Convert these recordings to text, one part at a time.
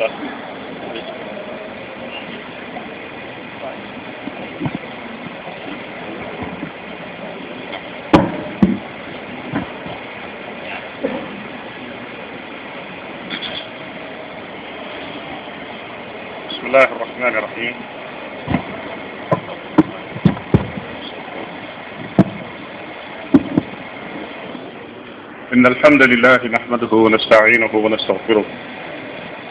Bak. بسم الله الرحمن الرحيم إن الحمد لله نحمده ونستعينه ونستغفره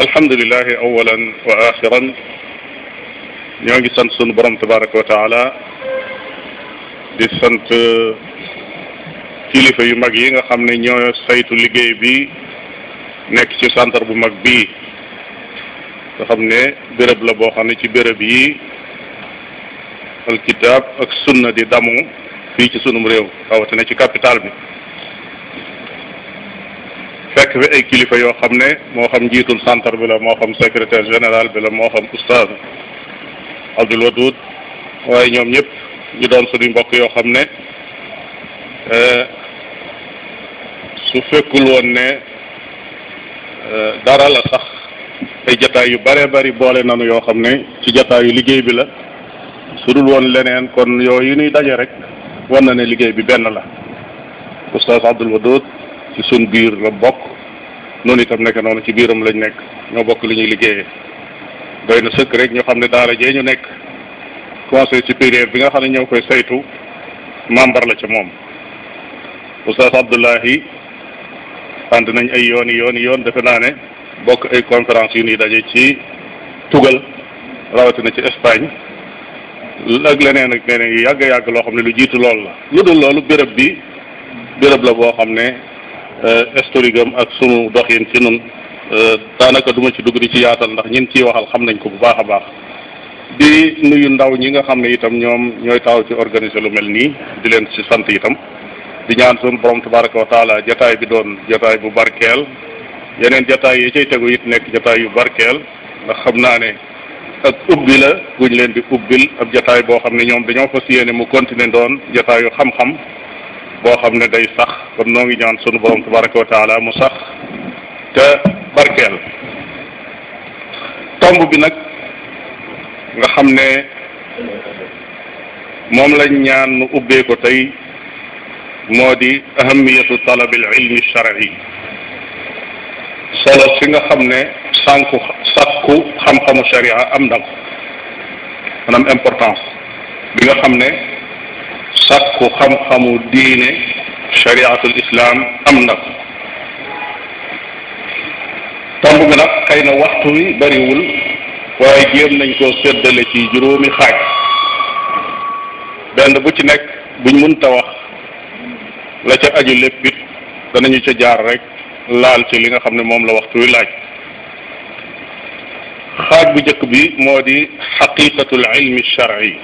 alhamdulilahi awalan wa axiran ñoo ngi sant sunu borom tabaraka wa taala di sant uh, kilifa yu mag yi nga xam ne ñoo saytu liggéey bi nekk ci centre bu mag bii nga xam ne béréb la boo xam ne ci béréb yi alkitab ak sunna di damu fii ci sunum réew rawatina ci capital bi fekk fi ay kilifa yoo xam ne moo xam njiitul centre bi la moo xam secrétaire général bi la moo xam oustaz Abdul Wadud waaye ñoom ñëpp ñu doon suñu mbokk yoo xam ne euh, su fekkul woon ne euh, dara la sax ay jataay yu bare bari boole nanu yoo xam ne ci jataayu liggéey bi la su dul woon leneen kon yooyu nuy daje rek won na ne liggéey bi benn la oustaz Abdul ci suñ biir la bokk noonu itam nekk noonu ci biiram lañu nekk ñoo bokk li ñuy liggéeyee doy na sëkk rek ñoo xam ne daara jee ñu nekk conseil supérieur bi nga xam ne ñoo koy saytu membre la ci moom oustaz Abdullahi ànd nañ ay yoon yooni yoon defe naa ne bokk ay conférence yu ñuy daje ci tugal rawatina ci Espagne ak leneen ak leneen yu yàgg yàgg loo xam ne lu jiitu lool la lu dul loolu béréb bi béréb la boo xam ne historique euh, am ak sunu doxin ci nun euh, daanaka duma ci dugg di ci yaatal ndax ñin ciy waxal xam nañ ko bu baax a baax bi nuyu ndaw ñi nga xam ne itam ñoom ñooy taw ci organiser lu mel nii di leen ci sant itam di ñaan sunu borom tabaraka wa taala jataay bi doon jataay bu barkeel yeneen jataay yi cay tegu it nekk jataay yu barkeel ndax xam naa ne ak ubbi la guñ leen di ubbil ab jataay boo xam ne ñoom dañoo fas yéene mu continuer doon jataayu xam-xam boo xam ne day sax kon noo ngi ñaan sunu borom tabaraka wa taala mu sax te barkeel tomb bi nag nga xam ne moom lañ ñaan nu ubbee ko tey moo di ahamiyatu talab al ilmi shar'i solo si nga xam ne sànku sàkku xam-xamu sharia am na ko maanaam importance bi nga xam ne sàkku xam-xamu diine shariatul islam am na ko tomb bi nag xëy na waxtu wi bariwul waaye gém nañ koo seddale ci juróomi xaaj benn bu ci nekk buñ mënta wax la ca aju lépp danañu ca jaar rek laal ci li nga xam ne moom la waxtu wi laaj xaaj bu jëkk bi moo di xaqiqatul ilmi shar'i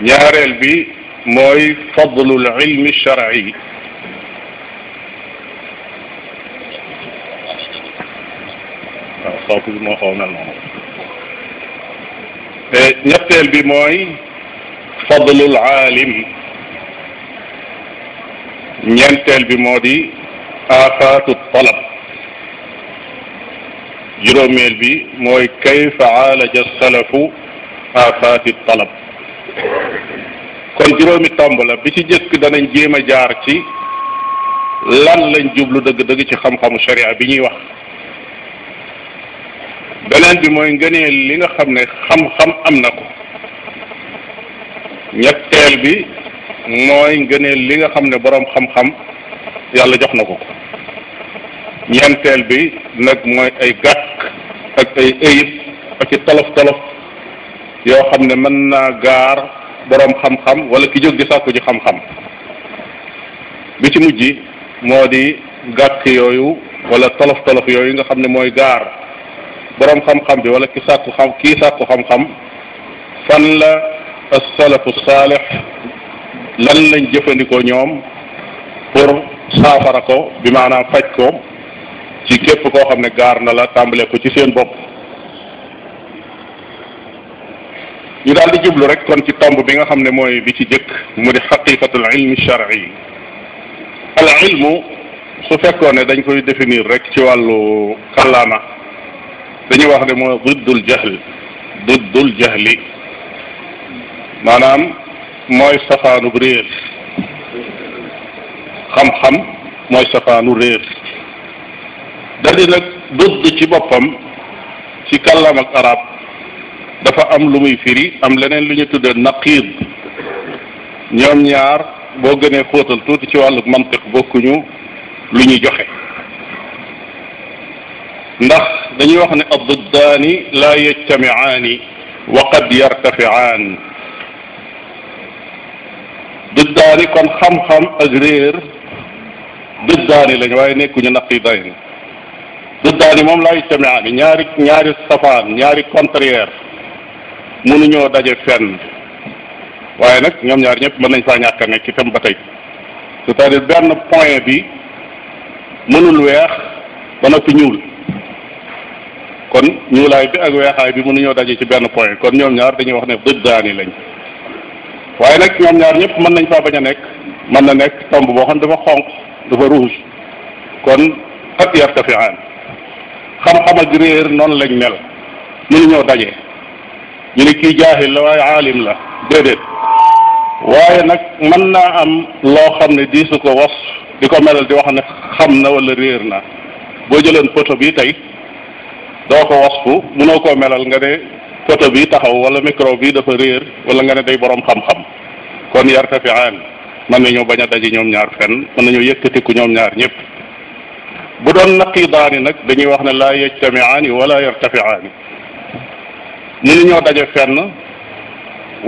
ñaareel bi mooy fadlul ilmi shar'i waaw sopp bi moo xaw mel eh, bi mooy fadlul aalim ñeenteel bi moo di aafaatu talab juróomeel bi mooy kayfa aalaja salafu kon juróomi tomb la bi ci jëkk danañ jéem a jaar ci lan lañ jublu dëgg-dëgg ci xam-xamu sharia bi ñuy wax beneen bi mooy ngëneel li nga xam ne xam-xam am na ko ñetteel bi mooy ngëneel li nga xam ne boroom xam-xam yàlla jox na ko ko ñeenteel bi nag mooy ay gàkk ak ay ayib ak i tolof tolof yoo xam ne mën naa gaar boroom xam-xam wala ki jóg di sàkku ci xam-xam bi ci mujj moo di gàkk yooyu wala tolof tolof yooyu nga xam ne mooy gaar boroom xam-xam bi wala ki sàkku xam ki sàkku xam-xam fan la as-salafu lan lañ jëfandikoo ñoom pour saafara ko bi maanaam faj ko ci képp koo xam ne gaar na la tàmbale ci seen bopp ñu daal di jublu rek kon ci tomb bi nga xam ne mooy bi ci jëkk mu di xaqiqatul ilmi shar'i al ilmu su fekkoon ne dañ koy définir rek ci wàllu kàllaama dañuy wax ne mooy diddul jahl diddul jahli maanaam mooy safaanub réer xam-xam mooy safaanu réer daldi nag dudd ci boppam ci kàllaam ak dafa am lu muy firi am leneen lu ñu tudde naqiid ñoom ñaar boo gënee xóotal tuut ci wàllu mantiq bokkuñu lu ñuy joxe ndax dañuy wax ne addiddaani laa yajtamiaani wa qad yartafiaan diddaani kon xam-xam ak réer diddaani lañ waaye nekkuñu naqiidayn diddaani moom laa yajtamiaani ñaari ñaari safaan ñaari contraire mënuñoo daje fenn waaye nag ñoom ñaar ñëpp mën nañ faa ñàkk a nekk itam ba tey cest à benn point bi mënul weex ba noppi ñuul kon ñuulaay bi ak weexaay bi mënuñoo daje ci benn point kon ñoom ñaar dañuy wax ne dëj daani lañ waaye nag ñoom ñaar ñëpp mën nañ faa bañ a nekk mën na nekk tomb boo xam dafa xonq dafa rouge kon at yartafiaan xam-xam ak réer noonu lañ mel mënuñoo daje. ñu ne kii jaahil la waaye aalim la déedéet waaye nag mën naa am loo xam ne di su ko was di ko melal di wax ne xam na walla réer na boo jëloon photo bii tey doo ko mu mënoo ko melal nga ne poto bii taxaw wala micro bii dafa réer wala nga ne day boroom xam-xam kon yartafiaan mën nañoo bañ a daje ñoom ñaar fenn mën nañoo yëkkatiku ñoom ñaar ñëpp bu doon naqiidaani nag dañuy wax ne laa yajtamiaani wala yartafiaani mënuñoo daje fenn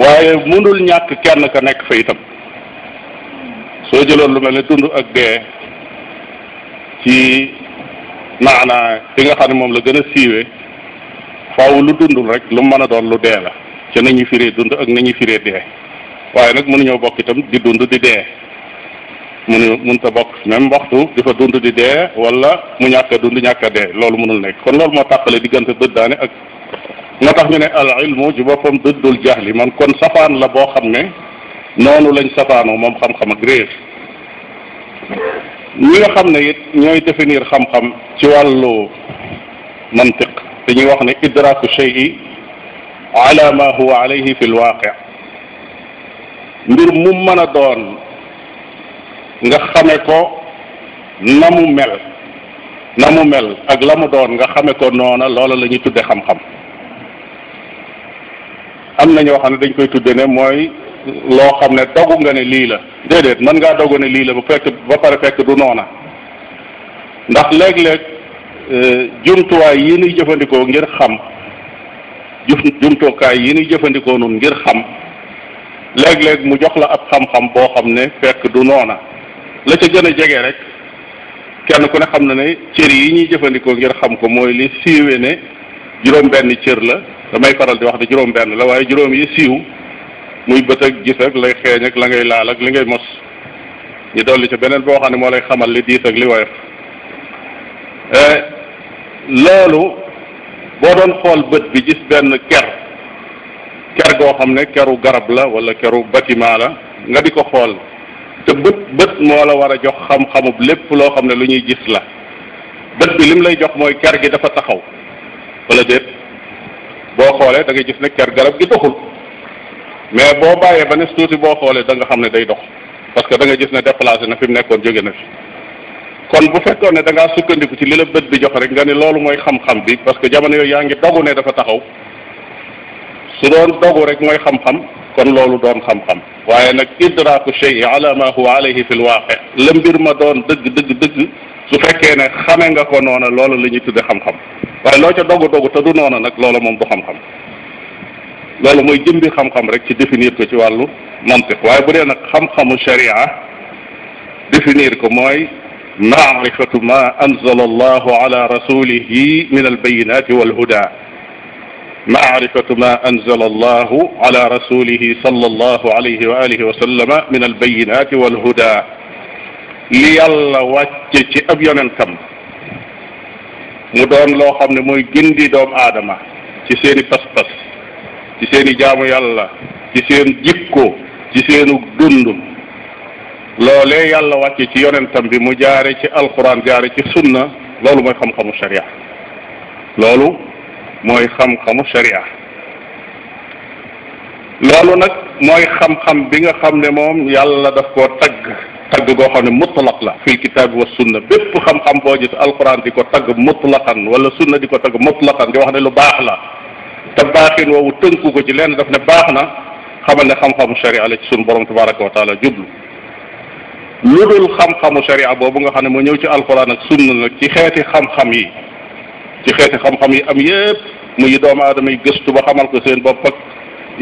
waaye mënul ñàkk kenn ka nekk fa itam soo jëloon lu mel ne dund ak dee ci maanaa li nga xam ne moom la gën a siiwee faaw lu dundul rek lu mën a doon lu dee la ca nañu firee dund ak nañu firee dee waaye nag mënuñoo bokk itam di dund di dee mun mënta bokk même waxtu di fa dund di dee wala mu ñàkk dund ñàkk a dee loolu mënul nekk kon loolu moo tàqale diggante bët daane ak moo tax ñu ne al ilmu ci boppam duddul jahli man kon safaan la boo xam ne noonu lañ safaanoo moom xam-xam ak réer ñi nga xam ne it ñooy définir xam-xam ci wàllu mantiq dañuy wax ne idraku shay'i ala ma huwa alayhi fi lwaqi mbir mu mën a doon nga xame ko na mu mel na mu ak la mu doon nga xame ko noona loola la ñuy tudde xam-xam am na ñoo xam ne dañ koy tudde ne mooy loo xam ne dogu nga ne lii la déedéet mën ngaa dogu ne lii la ba fekk ba pare fekk du noona ndax léeg-léeg euh, jumtuwaay yi nuy jëfandikoo ngir xam jumtukaay yi nuy jëfandikoo nun ngir xam léeg-léeg mu jox la ab xam-xam boo xam ne fekk du noona la ca gën a jege rek kenn ku ne xam na ne cër yi ñuy jëfandikoo ngir xam ko mooy li siiwe ne juróom-benn cër la damay faral di wax ne juróom-benn la waaye juróom yi siiw muy bët ak gis ak lay xeeñ ak la ngay laal ak li ngay mos ñu dolli ca beneen boo xam ne moo lay xamal li diis ak li woyof euh, loolu boo doon xool bët bi gis benn ker ker goo xam ne keru garab la wala keru bâtiment la nga di ko xool te bët bët moo la war a jox xam-xamub lépp loo xam ne lu ñuy gis la bët bi lim lay jox mooy ker gi dafa taxaw wala boo xoolee da ngay gis ne ker garab gi doxul mais boo bàyyee ba ne tuuti boo xoolee da nga xam ne day dox parce que da nga gis ne déplacé na fi mu nekkoon jóge na fi kon bu fekkoon ne da ngaa sukkandiku ci li la bët bi jox rek nga ne loolu mooy xam-xam bi parce que jamono yooy yaa ngi dogu ne dafa taxaw su doon dogu rek mooy xam-xam kon loolu doon xam-xam waaye nag idraku shay'i ala ma huwa alayhi fi lwaaqi la mbir ma doon dëgg dëgg dëgg su fekkee ne xame nga ko noona loolu la ñuy tudde xam waaye loo ca dogu dogu te du noona nag loola moom du xam-xam loolu mooy jëmbi xam-xam rek ci définir ko ci wàllu mantiq waaye bu dee nag xam-xamu ko mooy maarifatu ma anzala allahu ala rasulihi min albayinati walhuda maarifatu ma anzala allahu ala rasulihi sallallahu alayhi wa alihi wa ci ab yonentam mu doon loo xam ne mooy gindi doom aadama ci seeni pas-pas ci seeni jaamu yàlla ci seen jikko ci seenu dund loolee yàlla wàcce ci yonentam bi mu jaare ci alquran jaare ci sunna loolu mooy xam-xamu sharia loolu mooy xam-xamu sharia loolu nag mooy xam-xam bi nga xam ne moom yàlla daf koo tagg tagg goo xam ne mutlaq la fil kitaab wa sunna bépp xam-xam boo gis alquran di ko tagg mutlaqan wala sunna di ko tagg mutlaqan di wax ne lu baax la te baaxin woowu tënku ko ci lenn daf ne baax na xamal ne xam-xamu sharia la ci sunu borom tabaraka wa taala jublu lu dul xam-xamu sharia boobu nga xam ne moo ñëw ci alquran ak sunna nag ci xeeti xam-xam yi ci xeeti xam-xam yi am yépp muy doomu aadama yi gëstu ba xamal ko seen bopp ak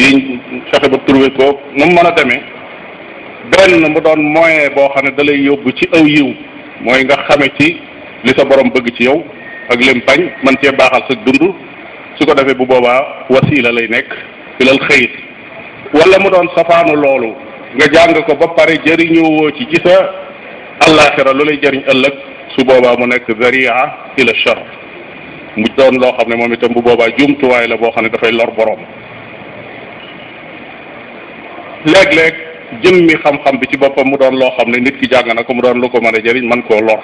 yi fexe ba trouvé ko nu mu mën a demee benn mu doon moyen boo xam ne dalay yóbbu ci aw yiw mooy nga xame ci li sa borom bëgg ci yow ak lim bañ man cee baaxal sa dund su ko defee bu boobaa wasila lay nekk la xëyit wala mu doon safaanu loolu nga jàng ko ba pare jëriñoowoo ci ci sa allaaxira lu lay jëriñ ëllëg su boobaa mu nekk zaria ila shar mu doon loo xam ne moom itam bu boobaa jumtuwaay la boo xam ne dafay lor boroom léeg-léeg jëmmi xam-xam bi ci boppam mu doon loo xam ne nit ki jàng na ko mu doon lu ko mën a jëriñ mën koo lor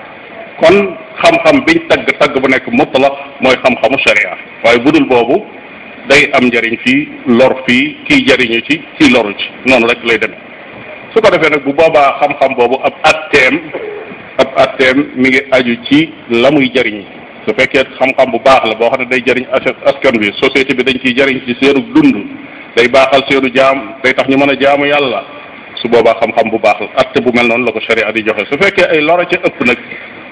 kon xam-xam biñ tagg tagg bu nekk la mooy xam-xamu sharia waaye dul boobu day am njëriñ fii lor fii kii jariñu ci kii loru ci noonu rek lay demee su ko defee nag bu boobaa xam-xam boobu ab atteem ab atteem mi ngi aju ci la muy jëriñ su fekkee xam-xam bu baax la boo xam ne day jariñ jëriñ askan bi société bi dañ kiy jariñ ci seenu dund day baaxal seenu jaam day tax ñu mën a jaamu yàlla su boobaa xam-xam bu baax la te bu mel noonu la ko sharia di joxe su fekkee ay loro ca ëpp nag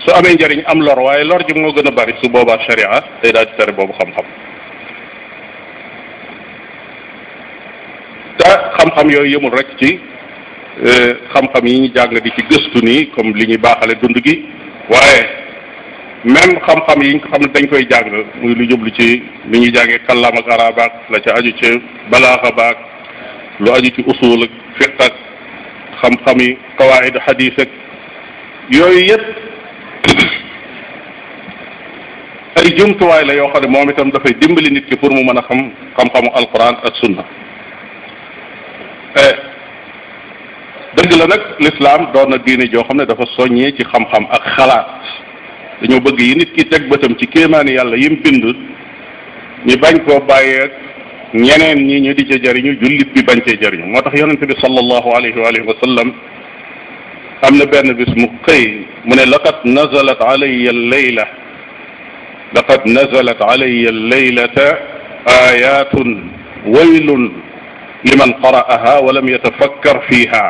su amee njariñ am lor waaye lor ji moo gën a bari su boobaa sharia day daal di tere boobu xam-xam te xam-xam yooyu yëmul rek ci euh, xam-xam yi ñu jàng di ci gëstu nii comme li ñuy baaxale dund gi waaye même xam yi nga xam ne dañ koy jàng muy lu jublu ci li ñuy jàngee kàllaam ak araab la ca aju ci balaaxa lu aju ci usul ak fiq ak xam-xami qawaid xadis ak yooyu yëpp ay jumtuwaay la yoo xam ne moom itam dafay dimbali nit ki pour mu mën a xam xam-xamu alquran ak sunna eh, dëgg la nag lislaam doon na diine joo xam ne dafa soññee ci xam-xam ak xalaat dañoo bëgg yi nit ki teg bëtam ci kéemaani yàlla yim bind ñu bañ koo bàyyeek ñeneen ñi ñu di ca jariñu jullit bi bañ cee jariñu moo tax yonente bi sallallahu alayhi wa alihi wa sallam am na benn bis mu xëy mu ne laqad nazalat alayya al-layla laqad nazalat alayya al-laylata ayatun waylun liman qara'aha wa lam yatafakkar fiha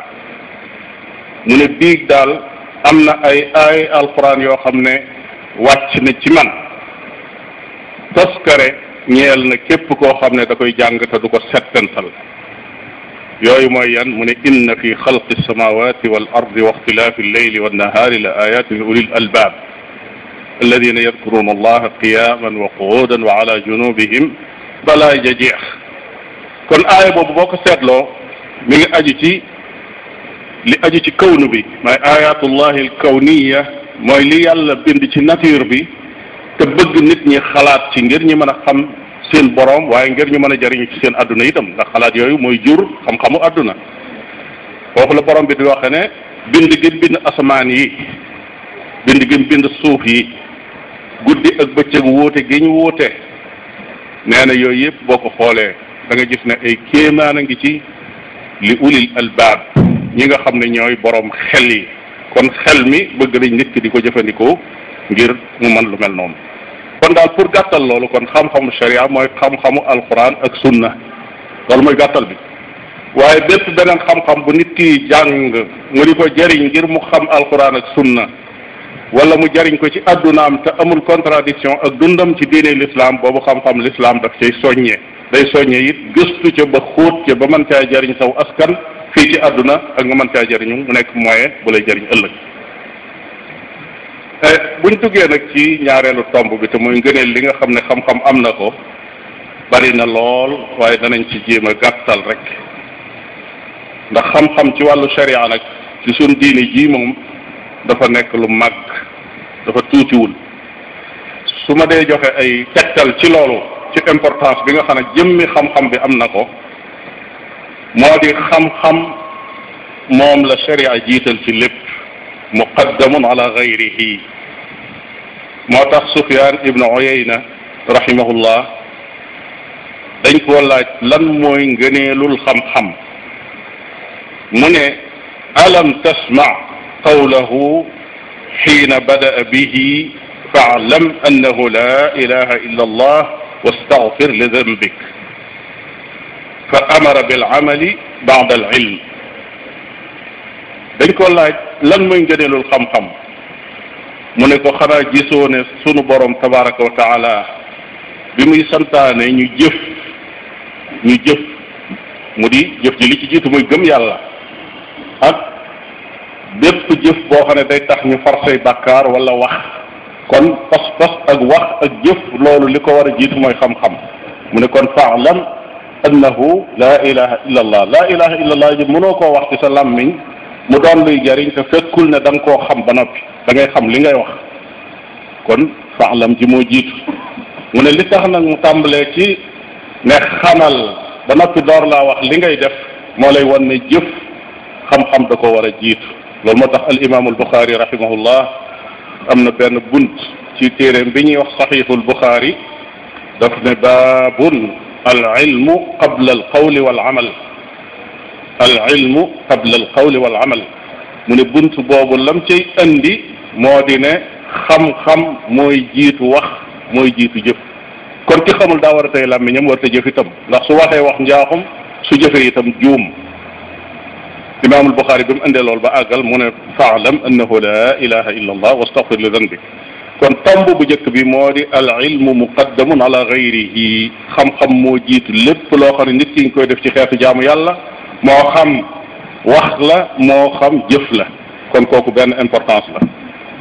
mu ne biig daal am na ay ay alquran yoo xam ne wàcc na ci man taskare ñeel na képp koo xam ne da koy jàng te du ko settantal yooyu mooy yan mu ne inna fi xalqi samawati wal ardi wa ixtilaafi alleyli wannahaari la ayatin li ulil albaab alladina yadkuruna allaha qiyaman wa quudan wa ala junubihim balaa ja jeex kon aaya boobu boo ko seetloo mi ngi aju ci li aju ci kawnu bi mooy ayatullahi alkawniya mooy li yàlla bind ci nature bi te bëgg nit ñi xalaat ci ngir ñi mën a xam seen borom waaye ngir ñu mën a jariñu ci seen adduna itam ndax xalaat yooyu mooy jur xam-xamu adduna foofu la borom bi di waxe ne bind gi bind asamaan yi bind gi bind suuf yi guddi ak bëccëg wóote gi ñu wóote nee na yooyu yëpp boo ko xoolee danga gis ne ay kéemaan a ngi ci li ulil albaab ñi nga xam ne ñooy borom xel yi kon xel mi bëgg nañ nit ki di ko jëfandikoo ngir mu mën lu mel noonu kon daal pour gàttal loolu kon xam-xamu sharia mooy xam-xamu alquran ak sunna loolu mooy gàttal bi waaye bépp beneen xam-xam bu nit ki jàng nga di ko jëriñ ngir mu xam alquran ak sunna wala mu jariñ ko ci addunaam te amul contradiction ak dundam ci diine l'islam boobu xam-xam l'islam daf cay soññee day soññee it gëstu ca ba xóot ca ba mën caa jëriñ saw askan fii ci àdduna ak nga mën caa jariñu mu nekk moyen bu lay jëriñ ëllëg buñ duggee nag ci ñaareelu tomb bi te muy ngëneel li nga xam ne xam-xam am na ko bari na lool waaye danañ ci jéem a gàttal rek ndax xam-xam ci wàllu sharia nag ci suñ diini jii moom dafa nekk lu mag dafa tuutiwul su ma dee joxe ay tegtal ci loolu ci importance bi nga xam ne jëmmi xam-xam bi am na ko moo di xam-xam moom la sharia jiital ci lépp muqaddamun ala gayrihi moo tax Sufyaan ibnu Uyayna rahimahullah dañ koo laaj lan mooy ngëneelul xam-xam mu ne alam tasma qawlahu xiina bada'a bihi fa'lam annahu la ilaha illa allah wastaghfir li dambik fa amara bil amali ba'da al ilm dañ ko laaj lan mooy ngëneelul xam-xam mu ne ko xanaa gisoo ne sunu borom tabaraka wa taala bi muy santaane ñu jëf ñu jëf mu di jëf ji li ci jiitu muy gëm yàlla ak bépp jëf boo xam ne day tax ñu far say bàkkaar wala wax kon pas-pas ak wax ak jëf loolu li ko war a jiitu mooy xam-xam mu ne kon faalam annahu laa ilaha illa allah laa ilaha illa allah ji koo wax ci sa làmmiñ mu doon luy jariñ te fekkul ne da nga koo xam ba noppi da ngay xam li ngay wax kon faxlam ji moo jiitu mu li tax nag mu tàmbalee ci ne xamal ba noppi door laa wax li ngay def moo lay wan ne jëf xam-xam da ko war a jiitu loolu moo tax al imaamul buxaari rahimahullah am na benn bunt ci téeréem bi ñuy wax saxiixul buxaari daf ne baabun al ilmu qabla al qawli wal amal al ilmu qabla al qawli wal amal mu ne bunt boobu lam cay andi moo di ne xam-xam mooy jiitu wax mooy jiitu jëf kon ki xamul daa war a tey làmmiñam war te jëf itam ndax su waxee wax njaaxum su jëfee itam juum imaamul buxaari bi mu indee loolu ba àggal mu ne faalam annahu la ilaha illa allah wastaghfir li danbik kon tomb bu njëkk bi moo di al ilmu muqaddamun ala gayrihi xam-xam moo jiitu lépp loo xam ne nit ki ngi koy def ci xeetu jaamu yàlla moo xam wax la moo xam jëf la kon kooku benn importance la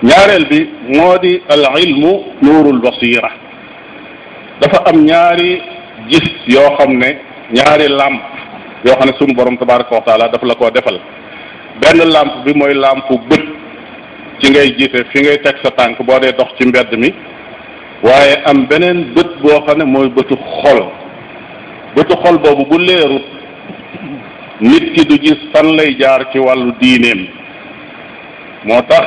ñaareel bi moo di al ilmu nuurul basira dafa am ñaari gis yoo xam ne ñaari làmp yoo xam ne sunu borom tabaraka wa taala dafa la koo defal benn làmp bi mooy làmpu bët ci ngay gisee fi ngay teg sa tànk boo dee dox ci mbedd mi waaye am beneen bët boo xam ne mooy bëtu xol bëtu xol boobu bu leerut nit ki du gis fan lay jaar ci wàllu diineem moo tax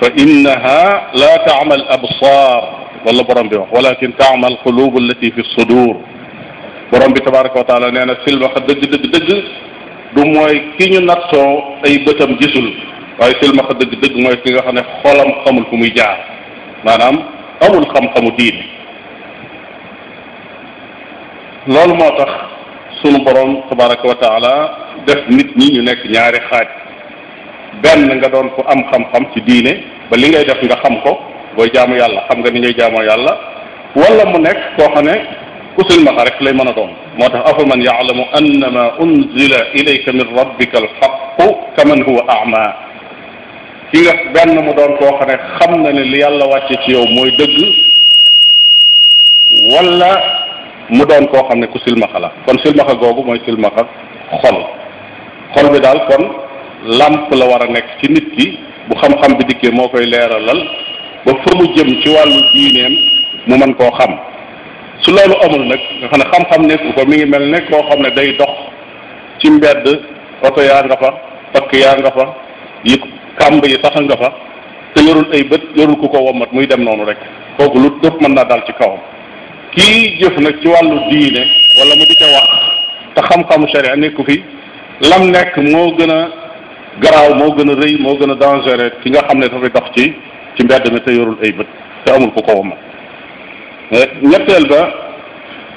fa innaha la taamal absar wala borom bi wax walakin taamal qulub allati fi sudur borom bi tabaraka wa taala nee na silmaxa dëgg dëgg dëgg du mooy ki ñu nattoo ay bëtam gisul waaye silmaxa dëgg dëgg mooy ki nga xam ne xolam xamul fu muy jaar maanaam amul xam-xamu diine loolu moo tax sunu borom tabaraka wa taala def nit ñi ñu nekk ñaari xaaj benn nga doon ko am xam-xam ci diine ba li ngay def nga xam ko booy jaamu yàlla xam nga ni ngay jaamoo yàlla wala mu nekk koo xam ne ku rek lay mën a doon moo tax afa man yaalamu annama unzila ilayka min rabbika alxaqu kaman huwa ama ki nga benn mu doon koo xam ne xam na ne li ci yow mooy dëgg mu doon koo xam ne ku silmaxa la kon silmaxa googu mooy silmaxa xol xol bi daal kon làmp la war a nekk ci nit ki bu xam-xam bi dikkee moo koy leeralal ba fa mu jëm ci wàllu diineem mu mën koo xam su loolu amul nag nga xam ne xam-xam ko mi ngi mel ne koo xam ne day dox ci mbedd oto yaa nga fa pakk yaa nga fa yi kàmb yi sax nga fa te yorul ay bët yorul ku ko wommat muy dem noonu rek kooku lu dëpp mën naa daal ci kawam kii jëf nag ci wàllu diine wala mu di ca wax te xam-xamu sharia nekku fi lam nekk moo gën a garaaw moo gën a rëy moo gën a dangereux ki nga xam ne dafay dox ci ci mbedd mi te yorul ay bët te amul ko ko wama eh, ñetteel ba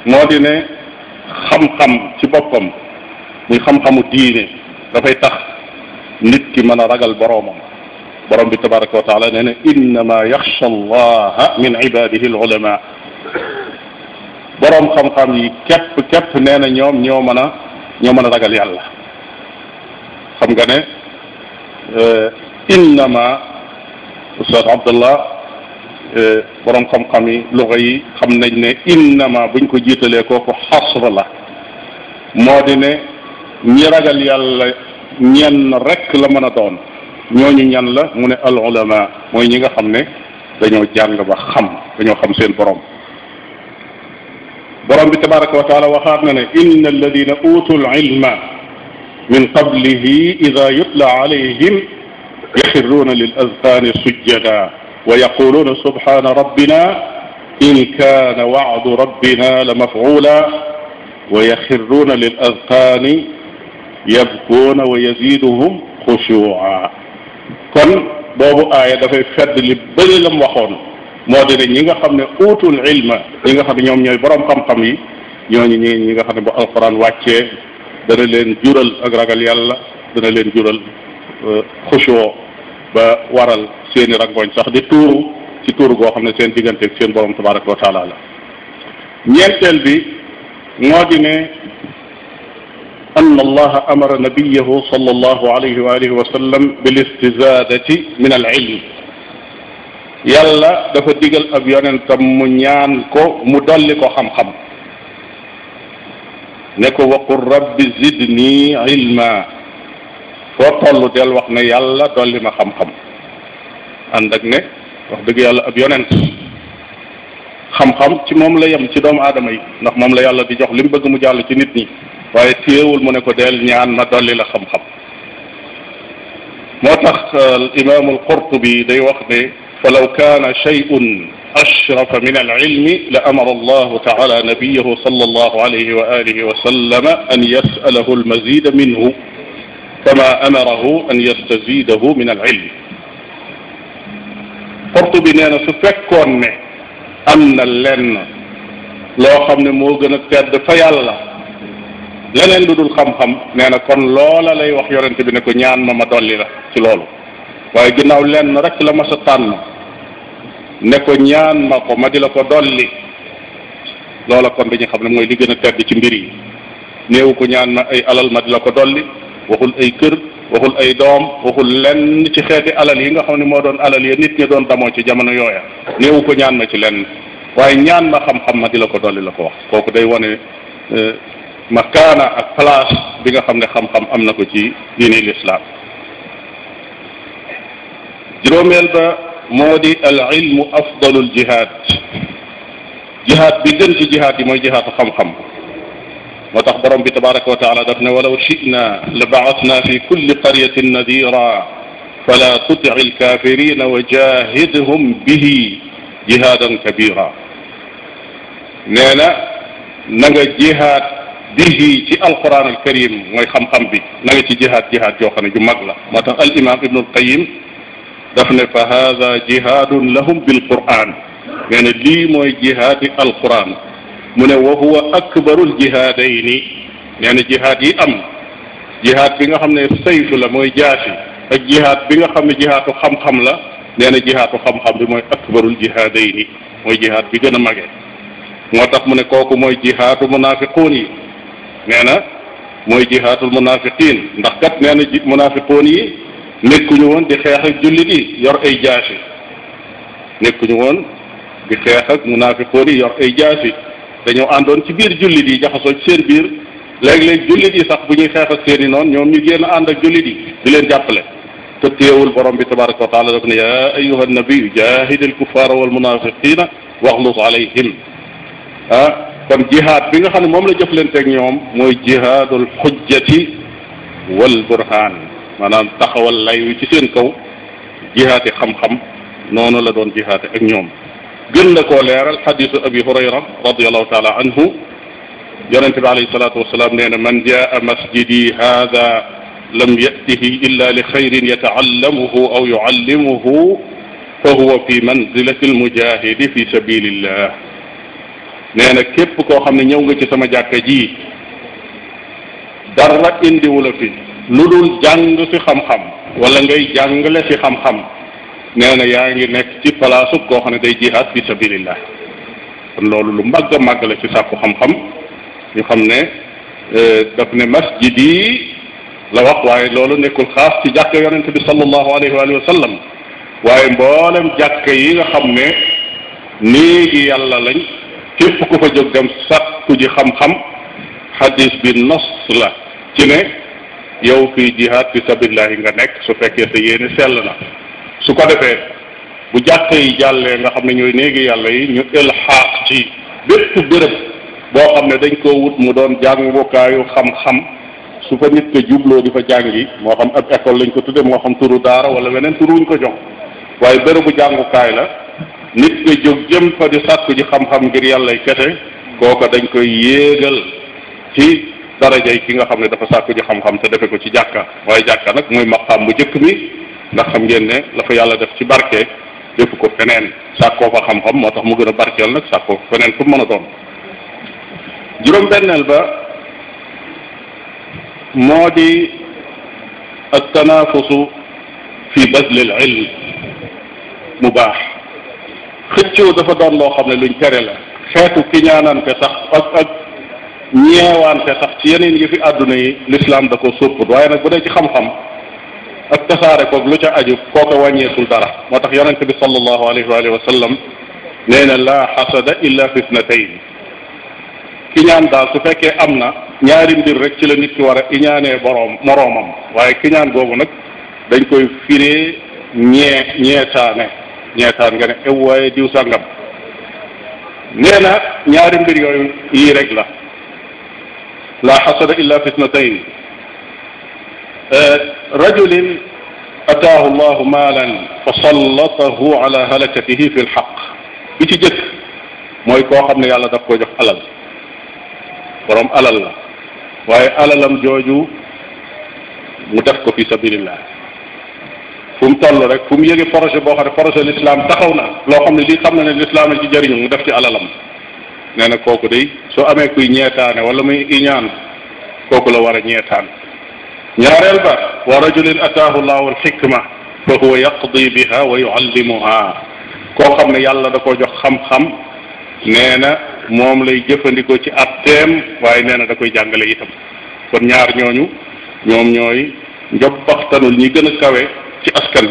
moo di ne xam-xam ci boppam muy xam-xamu diine dafay tax nit ki mën a ragal boroomam borom bi tabaraka wa taala nee na innama yaxsha allaha min ibadihi al ulama boroom xam yi képp képp nee na ñoom ñoo mën a ñoo mën a ragal yàlla xam nga ne euh, innama ustaz abdallah euh, borom xam-xam yi luxa yi xam nañ ne innama buñ ko jiitalee kooku xasr la moo di ne ñi ragal yàlla ñenn rek la mën a doon ñooñu ñan la mu ne al ulama mooy ñi nga xam ne dañoo jàng ba xam dañoo xam seen borom borom bi tabaraka wa waxaat na ne inna alladina utul ilma min qablihi ida yutla alayhim yaxiruuna lil azqaani sujjada wa yaquluuna subhaana rabbina in kaana wacdu rabbina la mafcuula wa yaxiruuna lil azqaani yabkuuna wa yaziiduhum xushuuca kon boobu aaya dafay fedd li bëri lam waxoon moo di ne ñi nga xam ne uutul ilma ñi nga xam ne ñoom ñooy boroom xam-xam yi ñooñu ñi ñi nga xam ne bu alquran wàccee dana leen jural ak ragal yàlla dana leen jural euh, ba waral seeni rangooñ sax di tuuru ci xam ne seen digganteeg seen borom tabaraka wa taala la ñeenteel bi moo di ne ann allaha amara nabiyahu allahu alayhi wa min al ilm yàlla dafa digal ab yonentam mu ko mu dolli ko xam-xam ne ko waqul rabbi zidni ilma foo toll del wax ne yàlla dolli ma xam-xam ànd ak wax dëgg yàlla ab yonent xam-xam ci moom la yem ci doomu aadama yi ndax moom la yàlla di jox li mu bëgg mu jàll ci nit ñi waaye téewul mu ne ko del ñaan ma dolli la xam-xam moo tax euh, al qurtubi day wax ne fa law kaana shay'un أشرف من العلم لأمر الله تعالى نبيه صلى الله عليه وآله وسلم أن يسأله المزيد منه كما أمره أن yastasidahu min al ilm porte bi nee na su fekkoon ne am na lenn loo xam ne moo gën a tedd fa yàlla leneen lu dul xam-xam nee na kon loola lay wax yonente bi ne ko ñaan ma ma dolli la ci loolu waaye ginnaaw lenn rek la ma sa tànn ne ko ñaan ma ko ma di la ko dolli loola kon dañuy xam ne mooy li gën a tedd ci mbir yi néewu ko ñaan ma ay alal ma di la ko dolli waxul ay kër waxul ay doom waxul lenn ci xeeti alal yi nga xam ne moo doon alal ya nit ñi doon damoo ci jamono yooya néewu ko ñaan ma ci lenn waaye ñaan ma xam-xam ma di la ko dolli la ko wax kooku day wane euh, makaana ak place bi nga xam ne xam-xam am na ko ci diine lislaam juróomeel ba moo di al ilmu afdalul jihaad jihaad bi gën ci jihaad yi mooy jihaadu xam-xam moo tax borom bi tabaraka wa taala daf ne walaw shina la baatna fi kulli qaryatin nadira fala tuti alkafirina wa jahidhum bihi jihaadan kabira nee na na nga jihaad bihi ci alquran alkarim mooy xam-xam bi na nga ci jihaad jihaad joo xam ne ju mag la moo tax al imam ibnu alqayim daf ne fa haada jihaadun lahum bil quraan nee na lii mooy jihaadi alquran mu ne wa huwa akbarul jihaadayni nee na jihaad yi am jihaad bi nga xam ne saytu la mooy jaasi ak jihaad bi nga xam ne jihaatu xam-xam la nee na jihaatu xam-xam bi mooy akbarul jihaadayni mooy jihaad bi gën a mage moo tax mu ne kooku mooy jihaatu munaafiquun yi nee na mooy jihaatul munaafiqiin ndax kat nee na munaafiquun yi nekkuñu woon di xeex ak jullit yi yor ay jaasi nekkuñu woon di xeex ak munaafiqoon yi yor ay jaasi dañoo àndoon ci biir jullit yi jaxasoo ci seen biir léeg-léeg jullit yi sax bu ñuy xeex ak seen i noonu ñoom ñu génn ànd ak jullit yi di leen jàppale te téewul borom bi tabaraka wa taala daf ne yaa ayuha nabiyu jaahid al kuffaara wal munaafiqiina waxlus alayhim ah kon jihaad bi nga xam ne moom la jëflanteeg ñoom mooy jihaadul xujjati wal burhaan maanaam taxawal lay wi ci seen kaw jihaati xam-xam noonu la doon jihaati ak ñoom gën na koo leeral xadisu abi hurayra radiallahu taala anhu yonente bi alayhi salatu wasalaam nee na man jaa masjidi hada lam yatihi illa li xayrin yataallamuhu aw yuallimuhu fa huwa fi manzilati almujahidi fi sabilillah nee na képp koo xam ne ñëw nga ci sama jàkka ji dara indiwu la fi lu dul jàng fi xam-xam wala ngay jàngale fi xam-xam nee na yaa ngi nekk ci palaasu koo xam ne day jihaad fi sabilillah kon loolu lu màgg a màgg la ci sàkku xam-xam ñu xam ne e, daf ne masjid yi la wax waaye loolu nekkul xaas ci jàkka yonente bi sallallahu alayhi wa sallam waaye mboolem jàkka yi nga xam ne néegi yàlla lañ képp ku fa jóg dem sàkku ji xam-xam xadis bi nos la ci ne yow fii jihaad fi sabilillahi nga nekk su fekkee sa yéene sell na su ko defee bu jàkk yi jàllee nga xam ne ñooy néegi yàlla yi ñu ilxaaq ci bépp béréb boo xam ne dañ koo wut mu doon jàngu jàngukaayu xam-xam su fa nit ko jubloo di fa yi moo xam ab école lañ ko tudde moo xam turu daara wala weneen turu wuñ ko jox waaye bérébu jàngukaay la nit ko jóg jëm fa di sàkku ji xam-xam ngir yàllay kese kooka dañ koy yéegal ci darajay ki nga xam ne dafa sàkku ji xam-xam te defe ko ci jàkka waaye jàkka nag mooy maqaam bu njëkk bi ndax xam ngeen ne la fa yàlla def ci barke defu ko feneen sàkkoo fa xam-xam moo tax mu gën a barkeel nag sàkkoo fa feneen fu man a doon juróom benneel ba moo di ak attanafusu fi baslil ilm mu baax xëccoo dafa doon loo xam ne luñ tere la xeetu ki ñaanante sax ñeewante tax ci yeneen yi fi àdduna yi lislaam da ko sopput waaye nag bu dee ci xam-xam ak tasaare koog lu ca aju kook wàññeetul dara moo tax yonente bi sallallahu alayhi wa alihi wa sallam nee na laa illa fi snatayn ki ñaan daal su fekkee am na ñaari mbir rek ci la nit ki war a iñaanee boroom moroomam waaye ki ñaan googu nag dañ koy firee ñee ñeetaane ñeetaan nga ne ew waaye diw sàngam nee na ñaari mbir yooyu yii rek la laa xasada illa fi tnatayn rajulin ataahu llahu maalan fa sallatahu ala halakatihi fi lxaq bi ci jëkk mooy koo xam ne yàlla daf ko jox alal borom alal la waaye alalam jooju mu def ko fi sabilillah fu mu toll rek fu mu yëge projet boo xam ne projet l'islam taxaw na loo xam ne lii xam na ne l'islam la ci jëriñu mu def ci alalam nee na kooku day soo amee kuy ñeetaane wala muy iñaan kooku la war a ñeetaan ñaareel ba wa rajulin ataahu llahu alxikma fa huwa yaqdi biha wa yuallimuha koo xam ne yàlla da koo jox xam-xam nee na moom lay jëfandikoo ci atteem waaye nee na da koy jàngale itam kon ñaar ñooñu ñoom ñooy njobbaxtanul ñi gën a kawe ci askan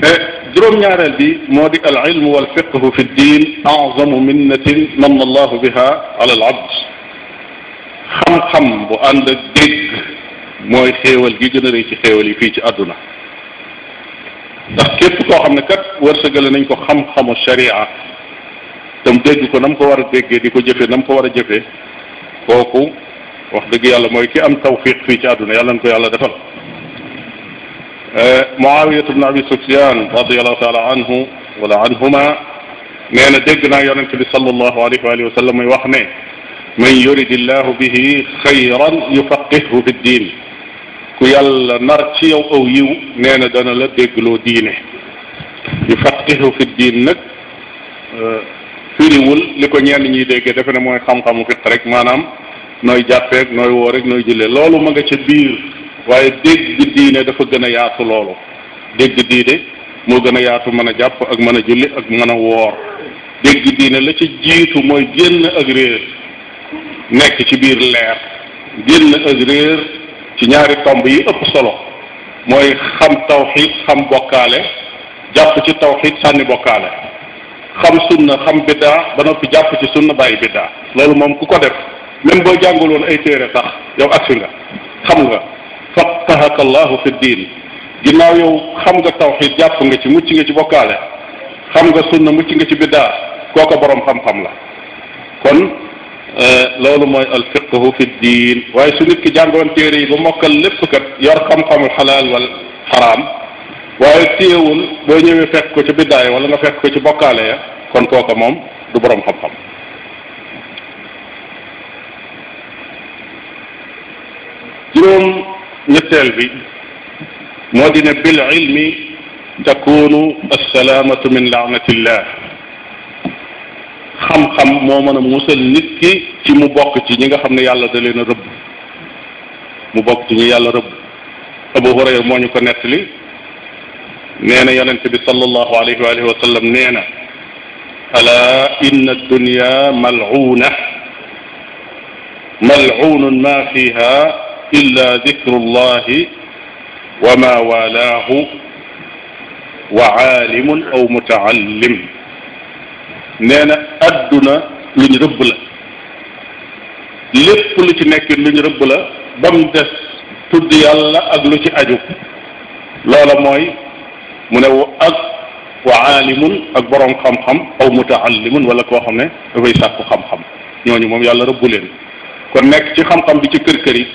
bi juróom-ñaareel bi moo di al ilmu wal fiqhu fi diin azamu minnatin manna allahu biha ala al abd xam-xam bu ànd ak dégg mooy xéewal gi gën a rëy ci xéewal yi fii ci àdduna ndax képp koo xam ne kat wërsëgale nañ ko xam-xamu sharia tam dégg ko na mu ko war a déggee di ko jëfee na mu ko war a jëfee kooku wax dëgg yàlla mooy ki am tawfiq fii ci àdduna yàlla na ko yàlla defal Euh, Muawiyatu bnu Abi Sufyaan radiyallahu taala anhu wala anhuma nee na dégg naa yonent bi sallallahu alayhi wa alihi wa sallam muy wax ne man yuridi llahu bihi xayran yufaqihhu fi diin ku yàlla nar ci yow aw yiw nee na dana la déggloo diine yufaqihhu fi diin nag euh, firiwul li ko ñenn ñuy déggee defe ne mooy xam-xamu fiq rek maanaam nooy jàppeeg nooy woo rek nooy jullee loolu ma nga ca biir waaye dégg diine dafa gën a yaatu loolu dégg diine moo gën a yaatu mën a jàpp ak mën a julli ak mën a woor dégg diine la ci jiitu mooy génn ak réer nekk ci biir leer génn ak réer ci ñaari tomb yi ëpp solo mooy xam tawxid xam bokkaale jàpp ci tawxid sànni bokkaale xam sunna xam biddaa ba noppi jàpp ci sunna bàyyi biddaa loolu moom ku ko def même boo jàngul woon ay téere tax yow agsi nga xam nga faqahaka allahu fi diin ginnaaw yow xam nga tawxid jàpp nga ci mucc nga ci bokkaale xam nga sunna mucc nga ci biddaa kooka boroom xam-xam la kon euh, loolu mooy al fiqhu fi diin waaye su nit ki jàngoon téere yi ba mokkal lépp kat yor xam-xamul xalaal wal waaye téyewul boo ñëwee fekk ko ci biddaay wala nga fekk ko ci bokkaale ya kon kooka moom du borom xam-xam juróom ñetteel bi moo di ne bil ilmi takunu assalaamatu min laanatillah xam-xam moo mën a musal ci mu bokk ci ñi nga xam ne yàlla da leen a yàlla rëbb abu hurayra moo ñu ko nettali nee na yonent bi sallallahu alayhi nee na ala inna dunya mal'una mal'unun ma fiha illa dikrullahi wa ma walaahu wa aalimun aw mutaallim nee na adduna lu ñu rëbb la lépp lu ci nekk li ñu rëbb la ba mu des tudd yàlla ak lu ci aju loola mooy mu ne ak wa aalimun ak boroom xam-xam aw mutaallimun wala koo xam ne dafay sàkku xam-xam ñooñu moom yàlla rëbbu leen kon nekk ci xam bi ci kër kër yi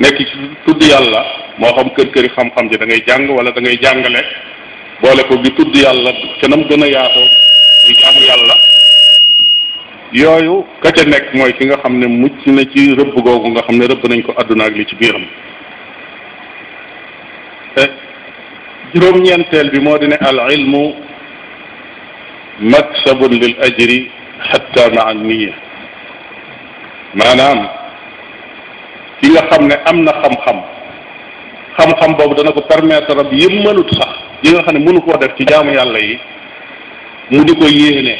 nekk ci tudd yàlla moo xam kër këri xam-xam ji dangay jàng wala dangay ngay jàngale boole ko bi tudd yàlla ca nam gën a yaatoo di jàng yàlla yooyu ka ca nekk mooy ki nga xam ne mucc na ci rëbb googu nga xam ne rëbb nañ ko àdduna ak li ci biiram juróom-ñeenteel bi moo di ne al ilmu maksabun lil ajri xatta maa niya maanaam ki nga xam ne am na xam-xam xam-xam boobu dana ko permettre ab yëpp mënut sax yi nga xam ne mënu koo def ci jaamu yàlla yi mu di ko yéene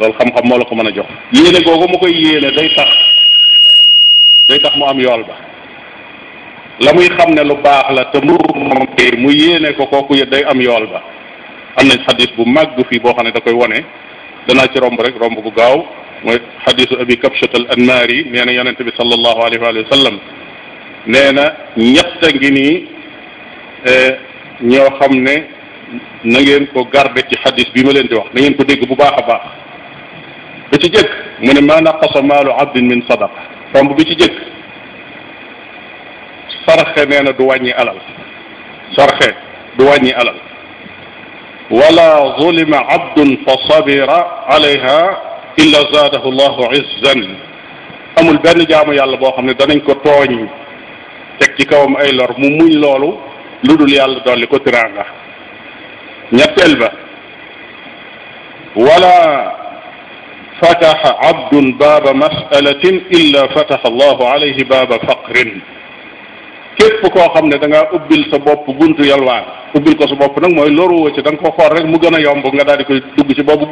loolu xam-xam moo la ko mën a jox yéene googu mu koy yéene day tax day tax mu am yool ba la muy xam ne lu baax la te mu moom mu yéene ko kooku yëpp day am yool ba am nañ xadis bu mag fii boo xam ne da koy wone danaa ci romb rek romb bu gaaw mooy xadisu abi kabshat al anmaari nee na yonente bi sallallahu alayhi wa sallam nee na ñett a ngi nii e, ñoo xam ne na ngeen ko garde ci xadis bi ma leen di wax na ngeen ko dégg bu baax a baax bi ci jëkk mu ne ma naqasa maalu abdin min sadaqa tomb bi ci jëkk sarxe nee na du wàññi alal sarxe du wàññi alal wala zulima abdun fa sabira alayha illa zaadahu llahu izzan amul benn jaamu yàlla boo xam ne danañ ko ci kawam ay lor mu muñ loolu lu dul yàlla dolli ko tiraanga ñetteel ba wala fataxa abdun baaba masalatin illa fataxa allahu alayhi baaba faqrin képp koo xam ne da ngaa ubbil sa bopp buntu yalwaan ubbil ko sa bopp nag mooy loruwoo ci da nga ko xool rek mu gën a yomb nga daal di koy dugg ci boobu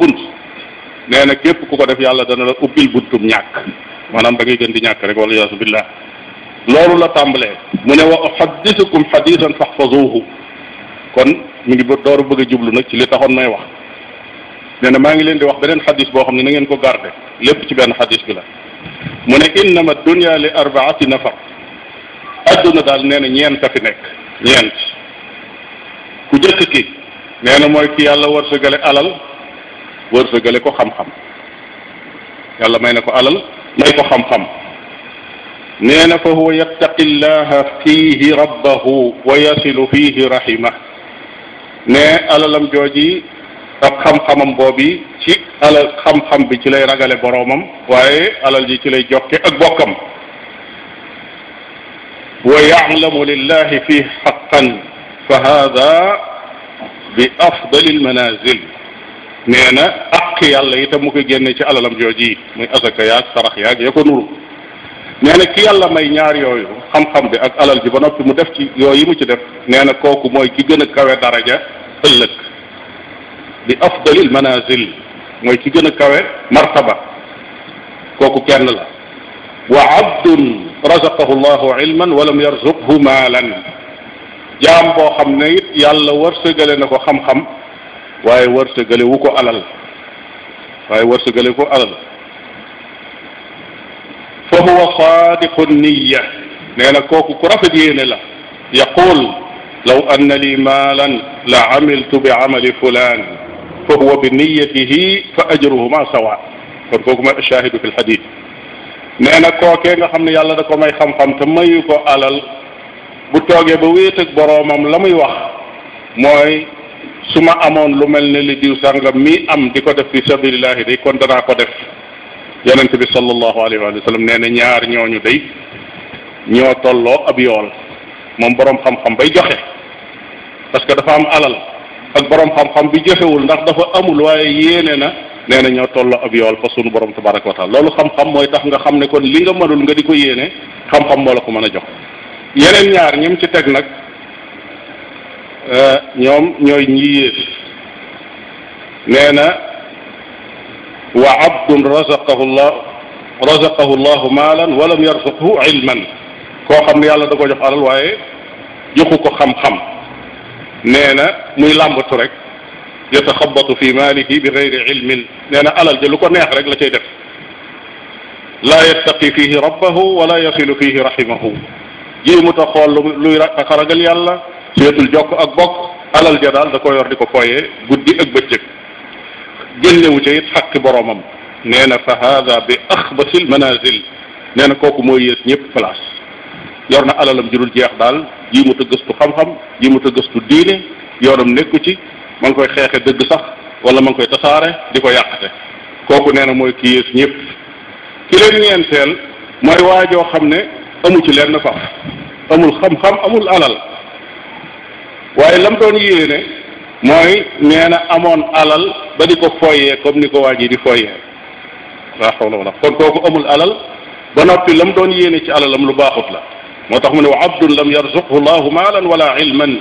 nee na képp ku ko def yàlla dana la ubbil buntum ñàkk maanaam da ngay gën di ñàkk rek wala yaasu billah loolu la tàmbalee mu ne wa uhaddisukum hadisan fahfazuhu kon mu ngi dooru bëgg jublu nag ci li taxoon may wax nee na maa ngi leen di wax beneen xadis boo xam ne na ngeen ko garde lépp ci benn xadis bi la mu ne innama dunya li arbaati nafar adduna daal nee na ñeent a fi nekk ñeent ku jëkk ki nee na mooy ki yàlla war sa gale alal wërsëgale ko xam-xam yàlla may na ko alal may ko xam-xam nee na fa huwa yattaqi llaha fiihi rabbahu wa yasilu fiihi rahima ne alalam jooji ak xam-xamam boobi ci alal xam-xam bi ci lay ragale boroomam waaye alal ji ci lay jokke ak bokkam wa yalamu lillahi fi xaqan fa hada bi afdali almanazil nee na àq yàlla itam mu koy génne ci alalam jooji yi muy asaka yaag sarax yaag ya ko nuru nee ki yàlla may ñaar yooyu xam-xam bi ak alal ji ba noppi mu def ci yooyu yi mu ci def nee kooku mooy ci gën a kawe daraja ëllëg bi afdalil manazil mooy ki gën a kawe martaba kooku kenn la wa abdun razaqahu llahu ilman walam yarzuqhu maalan jaam boo xam ne it yàlla wërsëgale na ko xam-xam waaye wërsëgale wu ko alal waaye wërsëgale ko alal fa huwa saadiqu niya nee na kooku ku rafet yéene la yaqul law anna li maalan la amiltu bi amali fulan fa huwa bi niyatihi fa ajruhuma sawa kon kooku mooy shaahidu fi lxadit nee na kookee nga xam ne yàlla da ko may xam-xam te mayu ko alal bu toogee ba wéet ak boroomam la muy wax mooy su ma amoon lu mel ne li diw sàngam mii am di ko def fi sabilillahi day kon danaa ko def yonent bi sallallahu alayhi wa sallam nee na ñaar ñooñu day ñoo tolloo ab yool moom boroom xam-xam bay joxe parce que dafa am alal ak boroom xam-xam bi joxewul ndax dafa amul waaye yéene na nee na ñoo tolloo ab yool fa sunu borom tabaraka wa loolu xam-xam mooy tax nga xam ne kon li nga mënul nga di ko yéene xam-xam moo la ko mën a jox yeneen ñaar ñim ci teg nag Eh, ñoom ñooy ñi yées nee na wa abdun razaqahu llah razaqahu llahu maalan wa lam yarzuqhu ilman koo xam ne yàlla da ko jox alal waaye joxu ko xam-xam nee na muy làmbatu rek yataxabatu fi maalihi bi gayri ilmin nee na alal ja lu ko neex rek la cay def laa yattaqi fihi rabbahu wala yasilu fihi rahimahu jéemu ta xool luy tax a ragal yàlla seetul jokk ak bokk alal ja daal da ko yor di ko fooyee guddi ak bëccëg génnewu ca it xàq boromam nee na fa hada bi axbasil manazil nee na kooku mooy yées ñëpp place yor na alalam jurul jeex daal jii mu ta gëstu xam-xam jii mu ta gëstu diine yoonam nekku ci ma ngi koy xeexe dëgg sax wala ma ngi koy tasaare di ko yàqate kooku nee na mooy ki yées ñëpp ki leen ñeenteel mooy waajoo xam ne amu ci lenn faf amul xam-xam amul alal waaye lam doon yéene mooy nee na amoon alal ba di ko foyee comme ni ko waa ji di foyee laa xawla wala kon kooku amul alal ba noppi lam doon yéene ci alalam lu baaxut la moo tax mu ne wa abdun lam yarzuqhu llahu maalan wala ilman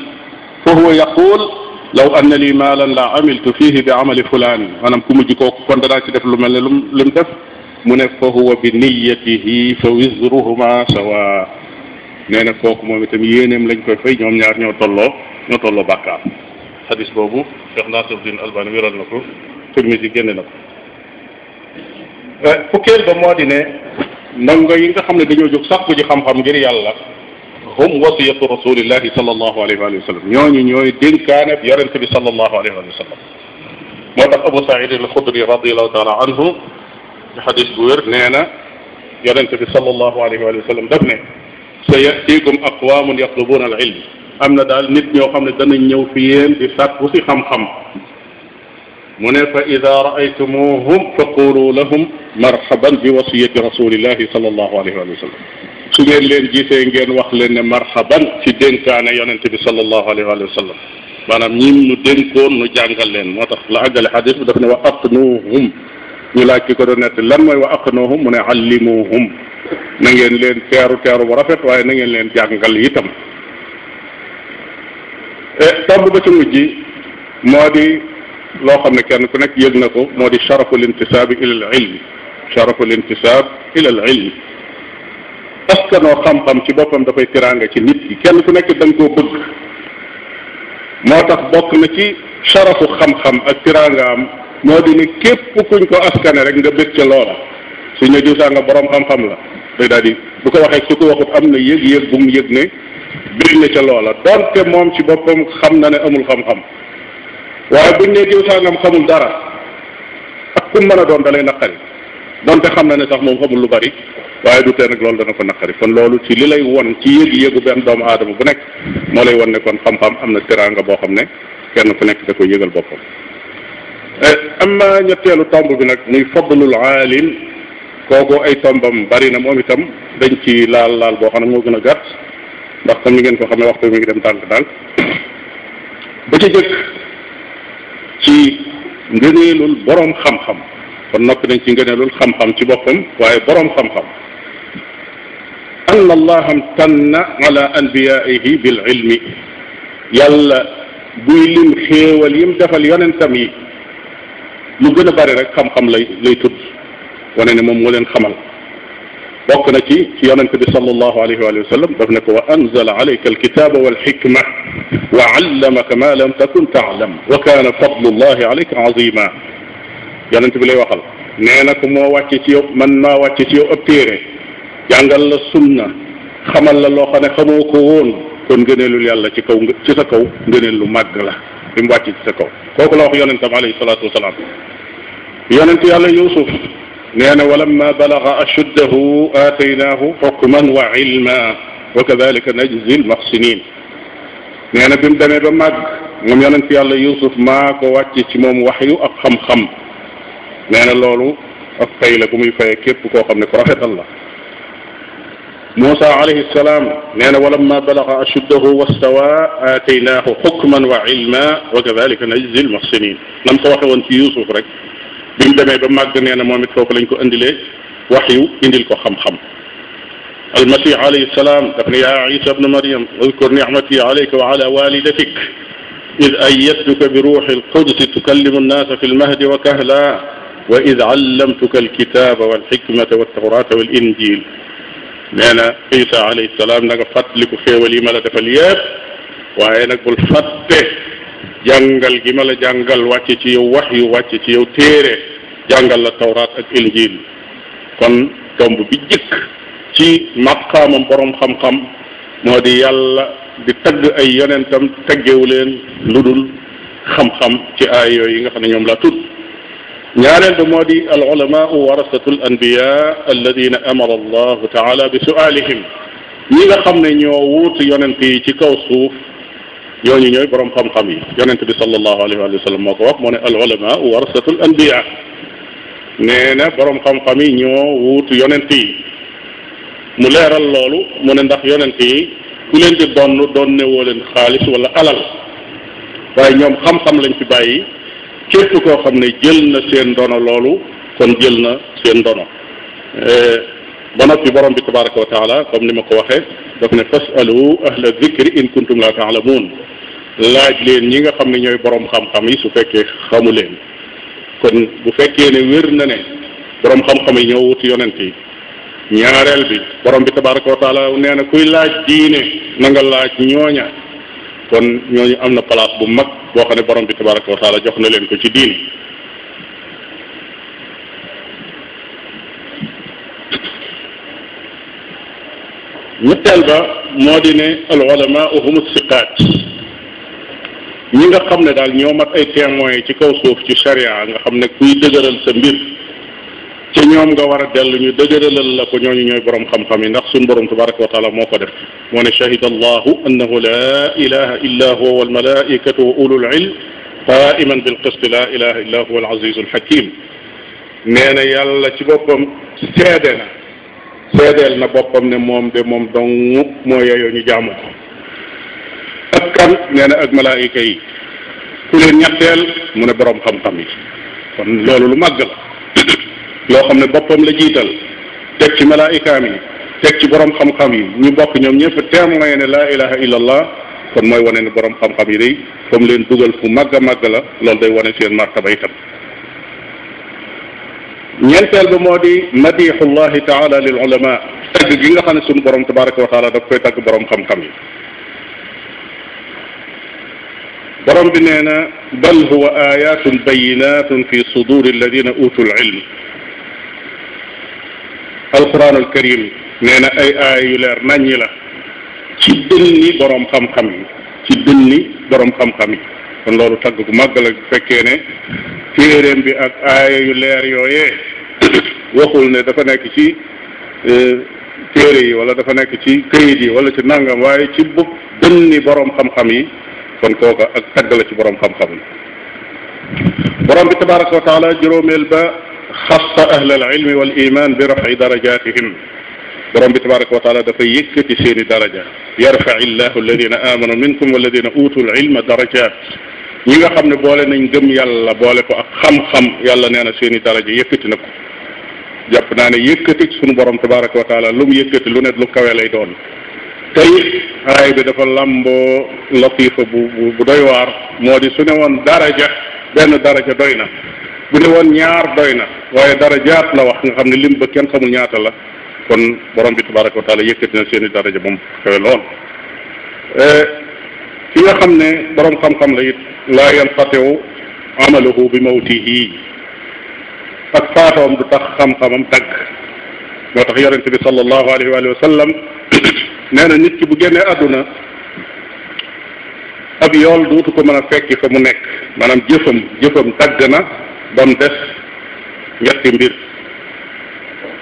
fa huwa yaqul law anna li maalan la amiltu fihi bi amali fulaan maanaam ku mujj kooku kon danaa ci def lu mel ne lu mu def mu ne fa huwa bi niyatihi fa wizruhuma sawa nee na kooku moom itam yéeneem lañ koy fay ñoom ñaar ñoo tolloo ñoo tolloo bàkkaar xadis boobu Cheikh Nasruddin Albani wéral na ko Tirmisi génne na ko eh, fukkeel ba moo di ne ndongo yi nga xam ne dañoo jóg sàkku ji xam-xam ngir yàlla hum wasiyatu rasulillahi sallallahu alayhi wa sallam ñooñu ñooy dénkaaneb yonente bi sallallahu alayhi wa sallam moo tax Abu Saïd al-Xudri radiallahu taala anhu ci xadis bu wér nee na yonente bi sallallahu alayhi wa sallam daf ne sa yatikum aqwamun yatlubuna al ilm am na daal nit ñoo xam ne danañ ñëw fi yéen di sàkku si xam-xam mu ne fa ida raaytumuhum fa qulu lahum marhaban bi wasiyati rasulillahi sallallahu alayhi wa sallam su ngeen leen gisee ngeen wax leen ne marhaban ci dénkaane yonente bi sallallahu alayhi wa sallam maanaam ñim nu dénkoon nu jàngal leen moo tax la àggale xadis bi daf ne wa atnuhum ñu laaj ki ko doon nett lan mooy wa aqnoohum mu ne allimuhum na ngeen leen teeru teeru bu rafet waaye na ngeen leen jàngal itam e, tomb ba ci mujj moo di loo xam ne kenn ku nekk yëg na ko moo di sharafu lintisaabi ila al ilmi sharafu lintisaab ila al ilmi askanoo xam-xam ci boppam dafay tiraanga ci nit ki kenn ku nekk da nga koo bëgg moo tax bokk na ci sharafu xam-xam ak tiraangaam moo di képp kuñ ko askane rek nga bëgg ca loola suñ ne diw saa nga borom xam-xam la day daal di bu ko waxee su ko waxut am na yëg-yëg bu mu yëg ne bëgg na ca loola donte moom ci boppam xam na ne amul xam-xam waaye buñ ne diw saa ngam xamul dara ak ku mën a doon dalay naqari donte xam na ne sax moom xamul lu bari waaye du tee nag loolu dana ko naqari kon loolu ci li lay won ci yëg-yëgu benn doomu aadama bu nekk moo lay won ne kon xam-xam am na teraanga boo xam ne kenn ku nekk da koy yëgal boppam. Eh, amma ñetteelu tomb bi nag muy fadlul aalim kooku ay tombam bari na moom itam dañ ci laal laal boo xam ne moo gën a gàtt ndax tam ni ngeen ko xamee waxtu mi ngi dem tànk-tànk ba ci jëkk ci ngëneelul boroom xam-xam kon noppi nañ ci ngëneelul xam-xam ci boppam waaye boroom xam-xam ann allaha mtanna ala anbiyaihi bil yàlla buy lim xéewal yim defal yonentam yi lu gën a bari rek xam-xam lay lay tudd wane ne moom moo leen xamal bokk na ci ci yonente bi sallallahu alayhi wa sallam daf ne ko wa anzala alayka alkitaba walxikma wa allamaka ma lam takun taalam wa kaana fadlullahi alayka azima yonente bi lay waxal nee na ko moo wàcce ci yow man maa wàcce ci yow ab téere jàngal la sunna xamal la loo xam ne xamoo ko woon kon ngëneelul yàlla ci kaw ci sa kaw ngëneel lu màgg la bi mu wàcc ci sa kaw kooku la wax yonentam alayhi salaatu wasalaam yonent yàlla yusuf nee na walamma balaga ashuddahu aataynaahu xukman wa ilma wa kadalika najzi lmuxsinin nee na bi mu demee ba màgg moom yonent yàlla yusuf maa ko wàcc ci moom waxyu ak xam-xam nee na loolu ak fay la bu muy fayee képp koo xam ne ko rafetal la Muusa alayhi salaam nee na walamma balaga ashuddahu wastawa aataynaahu xukman wa ilma wa kadalika najzi lmuxsinin nam ko waxe woon ci Yuusuf rek bi mu demee ba màgg nee na moom it foofu lañ ko indilee waxyu indil ko xam-xam almasih alayhi salaam daf ne yaa Isa bnu Maryam udkur nicmati alayka wa ala walidatik id ayyadtuka bi ruuxi alqudsi tukallimu annaasa fi lmahdi wa kahla wa id allamtuka alkitaba walxikmata waltawrata walinjil nee na isa alayhi salaam na nga fàttaliku xéewal yi ma la defal yépp waaye nag bul fàtte jàngal gi ma la jàngal wàcce ci yow wax yu wàcce ci yow téere jàngal la tawraat ak injil kon tomb bi jëkk ci maqaamam borom xam-xam moo di yàlla di tagg ay yonentam taggewu leen lu dul xam-xam ci aay yooyu yi nga xam ne ñoom laa tudd ñaareel ba moo al ulamaau warasatu al anbiya alladina amara allahu taala bi sualihim ñi nga xam ne ñoo ci kaw suuf ñooñu ñooy borom xam-xam yi yonent bi sallallahu alayhi wa sallam moo ko moo ne al ulamaau warasatu al anbiya yi ñoo wuut yonent yi mu leeral loolu mu ne ndax yonent yi ku leen di donn doon ne wala alal waaye ñoom xam-xam lañ fi bàyyi képp koo xam ne jël na seen ndono loolu kon jël na seen ndono eh, ba noppi borom bi tabaraka wa taala comme ni ma ko waxee daf ne fasalu ahla dikri in kuntum la taalamuun laaj leen ñi nga xam ne ñooy boroom xam-xam yi su fekkee xamu leen kon bu fekkee ne wér na ne borom xam-xam yi ñoo wut yonent yi ñaareel bi boroom bi tabaraka wa taala nee na kuy laaj diine na nga laaj ñooña kon ñooñu am na place bu mag boo xam ne borom bi tabaraka wa taala jox na leen ko ci diine ñetteel ba moo di ne al ulama hum siqaat ñi nga xam ne daal ñoo mat ay témoins ci kaw suuf ci sharia nga xam ne kuy dëgëral sa mbir ñoom nga war a dellu ñu dëgëralal la ko ñooñu ñooy borom xam-xam yi ndax suñ borom tabaraka wa taala moo ko def moo ne shahida allahu annahu la ilaha illa huwa wal malaikatu wa ulul ilm qaiman bil qist la ilaha illa huwa al aziz al hakim nee na yàlla ci boppam seede na seedeel na boppam ne moom de moom dong moo yeyoo ñu jaamu ko ak kan nee na ak malaayika yi ku leen ñetteel mu ne borom xam-xam yi kon loolu lu màgg la loo xam ne boppam la jiital teg ci malaayikaam yi teg ci borom xam-xam ñu bokk ñoom ñëpp témoin ne laa ilaha illallah kon mooy wane ne borom xam-xam yi day fa leen dugal fu màgg a màgg la loolu day wane seen martaba itam ñeenteel ba moo di madixullahi taala lil ulama tagg gi nga xam ne suñu borom tabaraka wa taala daf koy tagg borom xam-xam yi borom bi nee na bal huwa ayatun bayinatun fi suduri alladina utul ilm alquranul karim nee na ay aaya yu leer naññi la ci dënni boroom xam-xam yi ci dënni boroom xam-xam yi kon loolu tagg bu màgg la bu fekkee ne téeréem bi ak aaya yu leer yooyee waxul ne dafa nekk ci e, téere yi wala dafa nekk ci këyit yi wala ci nàngam waaye ci bu ni boroom xam-xam yi kon kooka ak tagg la ci boroom xam-xam yi borom bi tabaraka wa juróomeel ba xassa ahla al ilmi wal iman bi rafi darajatihim borom bi tabaraka wa taala dafa yëkkati seeni daraja yarfai llahu alladina amanu minkum walladina utul ilma darajat ñi nga xam ne boole nañ gëm yàlla boole ko ak xam-xam yàlla nee na seeni daraja yëkkati na ko jàpp naa ne yëkkati suñu borom tabaraka wa taala lu mu yëkkati lu ne lu kawe lay doon tey aay bi dafa làmboo latifa bu bu doy waar moo di su ne woon daraja benn daraja doy na bu ne woon ñaar doy na waaye dara jaat la wax nga xam ne lim ba kenn xamul ñaata la kon borom bi tabaraka wa taala yëkkati na seen i daraja moom e, nga xam ne borom xam la it laa yanqati'u amaluhu bi mawtihi ak faatoom du tax xam-xamam dagg moo tax yonente bi sallallahu alayhi wa sallam nee na nit ki bu génnee àdduna ab yool duutu ko mën a fekki fa mu nekk maanaam jëfam jëfam dagg na ba des ñetti mbir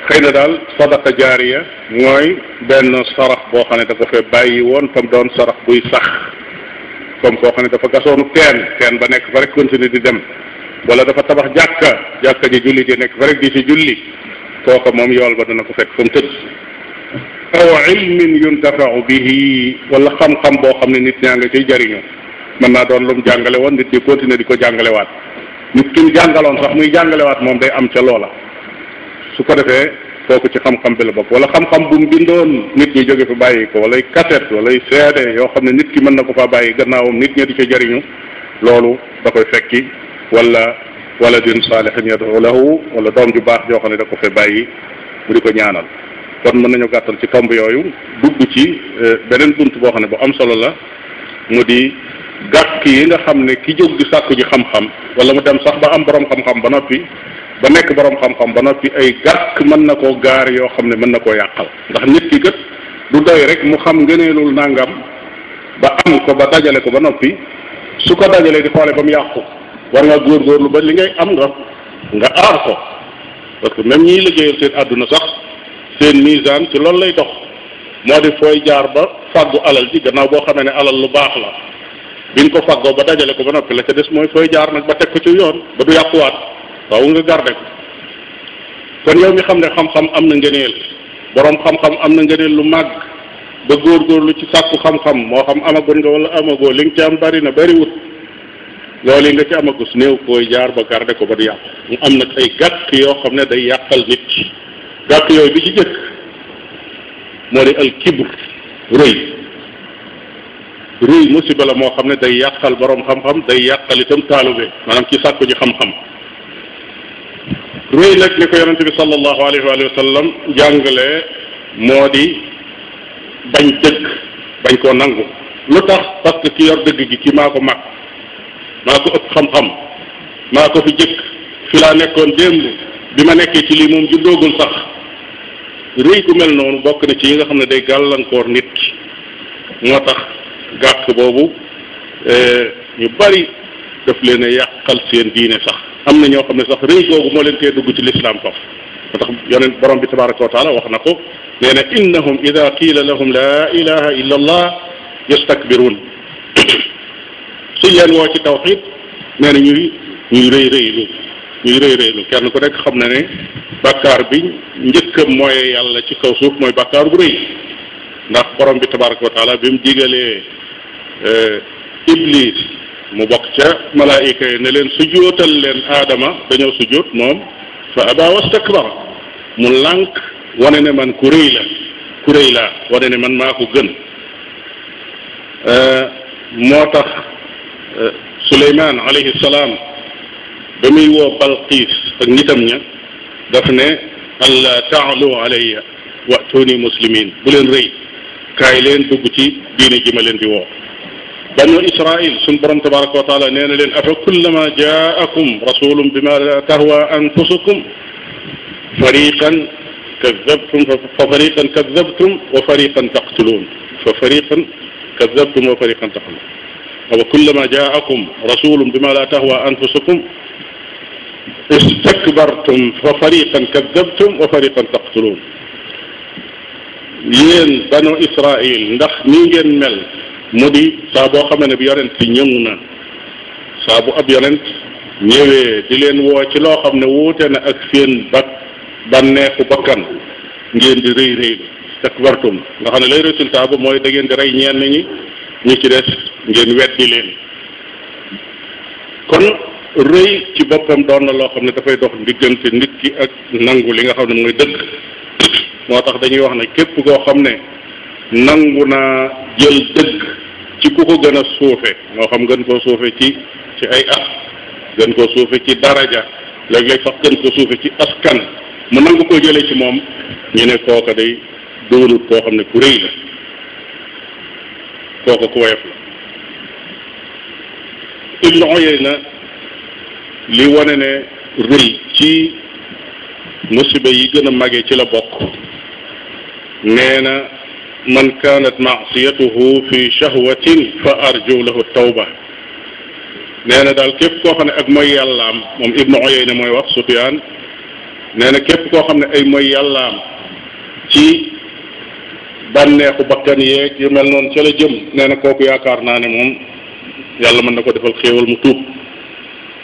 xëy na daal sadaqa jaariya mooy benn sarax boo xam ne dafa ko fee bàyyi woon tam doon sarax buy sax comme koo xam ne dafa gasoonu teen teen ba nekk fa rek continuer di dem wala dafa tabax jàkka jàkka ji julli ji nekk fa rek di ci julli kooka moom yool ba dana ko fekk fa mu tëdd aw ilmin yuntafau bihi wala xam-xam boo xam ne nit ñaa nga ciy jariñu mën naa doon lu mu jàngale woon nit ñi continuer di ko jàngalewaat ñu ki jàngaloon sax muy jàngalewaat moom day am ca loola su ko defee kooku ci xam-xam bi la bokk wala xam-xam bu mu bindoon nit ñi jóge fi bàyyi ko walay cassette walay CD yoo xam ne nit ki mën na ko faa bàyyi gannaawam nit ñi di ca jariñu loolu da koy fekki wala wala din saalihin yad'u lahu wala doom ju baax yoo xam ne da ko fee bàyyi mu di ko ñaanal kon mën nañu gàttal ci tomb yooyu dugg ci eh, beneen bunt boo xam ne bu am solo la mu di gàkk yi nga xam ne ki jóg di sàkku ji xam-xam wala mu dem sax ba am boroom xam-xam ba noppi ba nekk boroom xam-xam ba noppi ay gàkk mën na koo gaar yoo xam ne mën na koo yàqal ndax nit ki kat du doy rek mu xam ngëneelul nangam ba am ko ba dajale ko ba noppi su ko dajalee di xoole ba mu yàqu war nga góor góorgóorlu ba li ngay am nga nga aar ko parce que même ñiy liggéeyal seen àdduna sax seen misaan ci loolu lay dox moo di fooy jaar ba fàggu alal ji gannaaw boo xamee ne alal lu baax la bi nga ko faggoo ba dajale ko ba noppi la ca des mooy fooy jaar nag ba teg ko ci yoon ba du yàquwaat waaw nga garde ko kon yow mi xam ne xam-xam am na ngëneel boroom xam-xam am na ngëneel lu màgg ba góor góor lu ci sàkku xam-xam moo xam amagun nga wala amagoo li nga ci am bari na bariwut loolu nga ci amagus néew koy jaar ba garde ko ba du yàqu mu am nag ay gàkk yoo xam ne day yàqal nit gàkk yooyu bi ci jëkk moo di al rëy rëy musiba la moo xam ne day yàqal boroom xam-xam day yàqal itam taalube maanaam ci sàkku ji xam-xam rëy nag ni ko yonente bi sallallahu alayhi wa sallam jàngalee moo di bañ dëgg bañ koo nangu lu tax parce que ki yor dëgg ci maa ko mag maa ko ëpp xam-xam maa ko fi jëkk fi laa nekkoon démb bi ma nekkee ci lii moom juddoogul sax rëy ku mel noonu bokk na ci yi nga xam ne day gàllankoor nit ki moo tax gàkk boobu eh, ñu bari daf leen a yàqal seen diine sax am na ñoo xam ne sax rëy googu moo leen tee dugg ci lislaam faf moo tax yonent borom bi tabaraka wa taala wax na ko nee na innahum ida qiila lahum la ilaha illa allah yastakbiruun suñ leen woo ci tawxid nee na ñuy ñuy rëy rëylu ñuy rëy rëylu kenn ku nekk xam na ne bàkkaar bi njëkkam mooy yàlla ci kaw suuf mooy bàkkaar bu rëy ndax borom bi tabaraka wa taala bi mu digalee Euh, iblis mu bokk ca malaayika yi ne leen sujjóotal leen aadama dañoo sujjóot moom fa aba wastakbara mu lànk wane ne man ku rëy la ku laa wane ne man maa ko gën euh, moo tax euh, suleymaan alayhi salaam ba muy woo balqiis ak nitam ña daf ne alla taalu alayya watuni muslimin bu leen rëy kaay leen dugg ci diine ji ma leen di woo banu israil suñ borom tabaraka wa taala nee na leen afa kullama jaakum rasulum bima la tahwa anfusukum fariqan kadabtum fa fariqan kadabtum wa fariqan taqtuluun fa fariqan kadabtum wa fariqan taqtuluun afa kullama jaakum rasulum bima la tahwa anfusukum istakbartum fa fariqan kadabtum wa fariqan taqtuluun yéen banu israil ndax nii ngeen mel mu di saa boo xamee ne bi yonent ci ñëw na saa bu ab yonent ñëwee di leen woo ci loo xam ne wuute na ak seen ba banneexu bakkan ngeen di rëy rëy takbartum nga xam ne lay résultat ba mooy da ngeen di rey ñenn ñi ñi ci des ngeen weddi leen kon rëy ci boppam doon na loo xam ne dafay dox diggante nit ki ak nangu li nga xam ne mooy dëgg moo tax dañuy wax ne képp koo xam ne nangu naa jël dëgg ci ku ko gën a suufe moo xam gën koo suufe ci ci ay at gën koo suufe ci daraja léeg-léeg sax gën ko suufe ci askan mu nangu koo jëlee ci moom ñu ne kooka day doonut koo xam ne ku rëy la kooka ku woyof la Ibnu Uyayna li wone ne rëy ci musiba yi gën a mage ci la bokk nee na man kaanat maasiyatuhu fi shahwatin fa arju lahu tawba nee na daal képp koo xam ne ak mooy yàllaam moom ibnu Uyayna mooy wax Sufyaan nee na képp koo xam ne ay mooy yàllaam ci bànneexu bakkan yeeg yu mel noonu ca la jëm nee na kooku yaakaar naa ne moom yàlla mën na ko defal xéewal mu tuub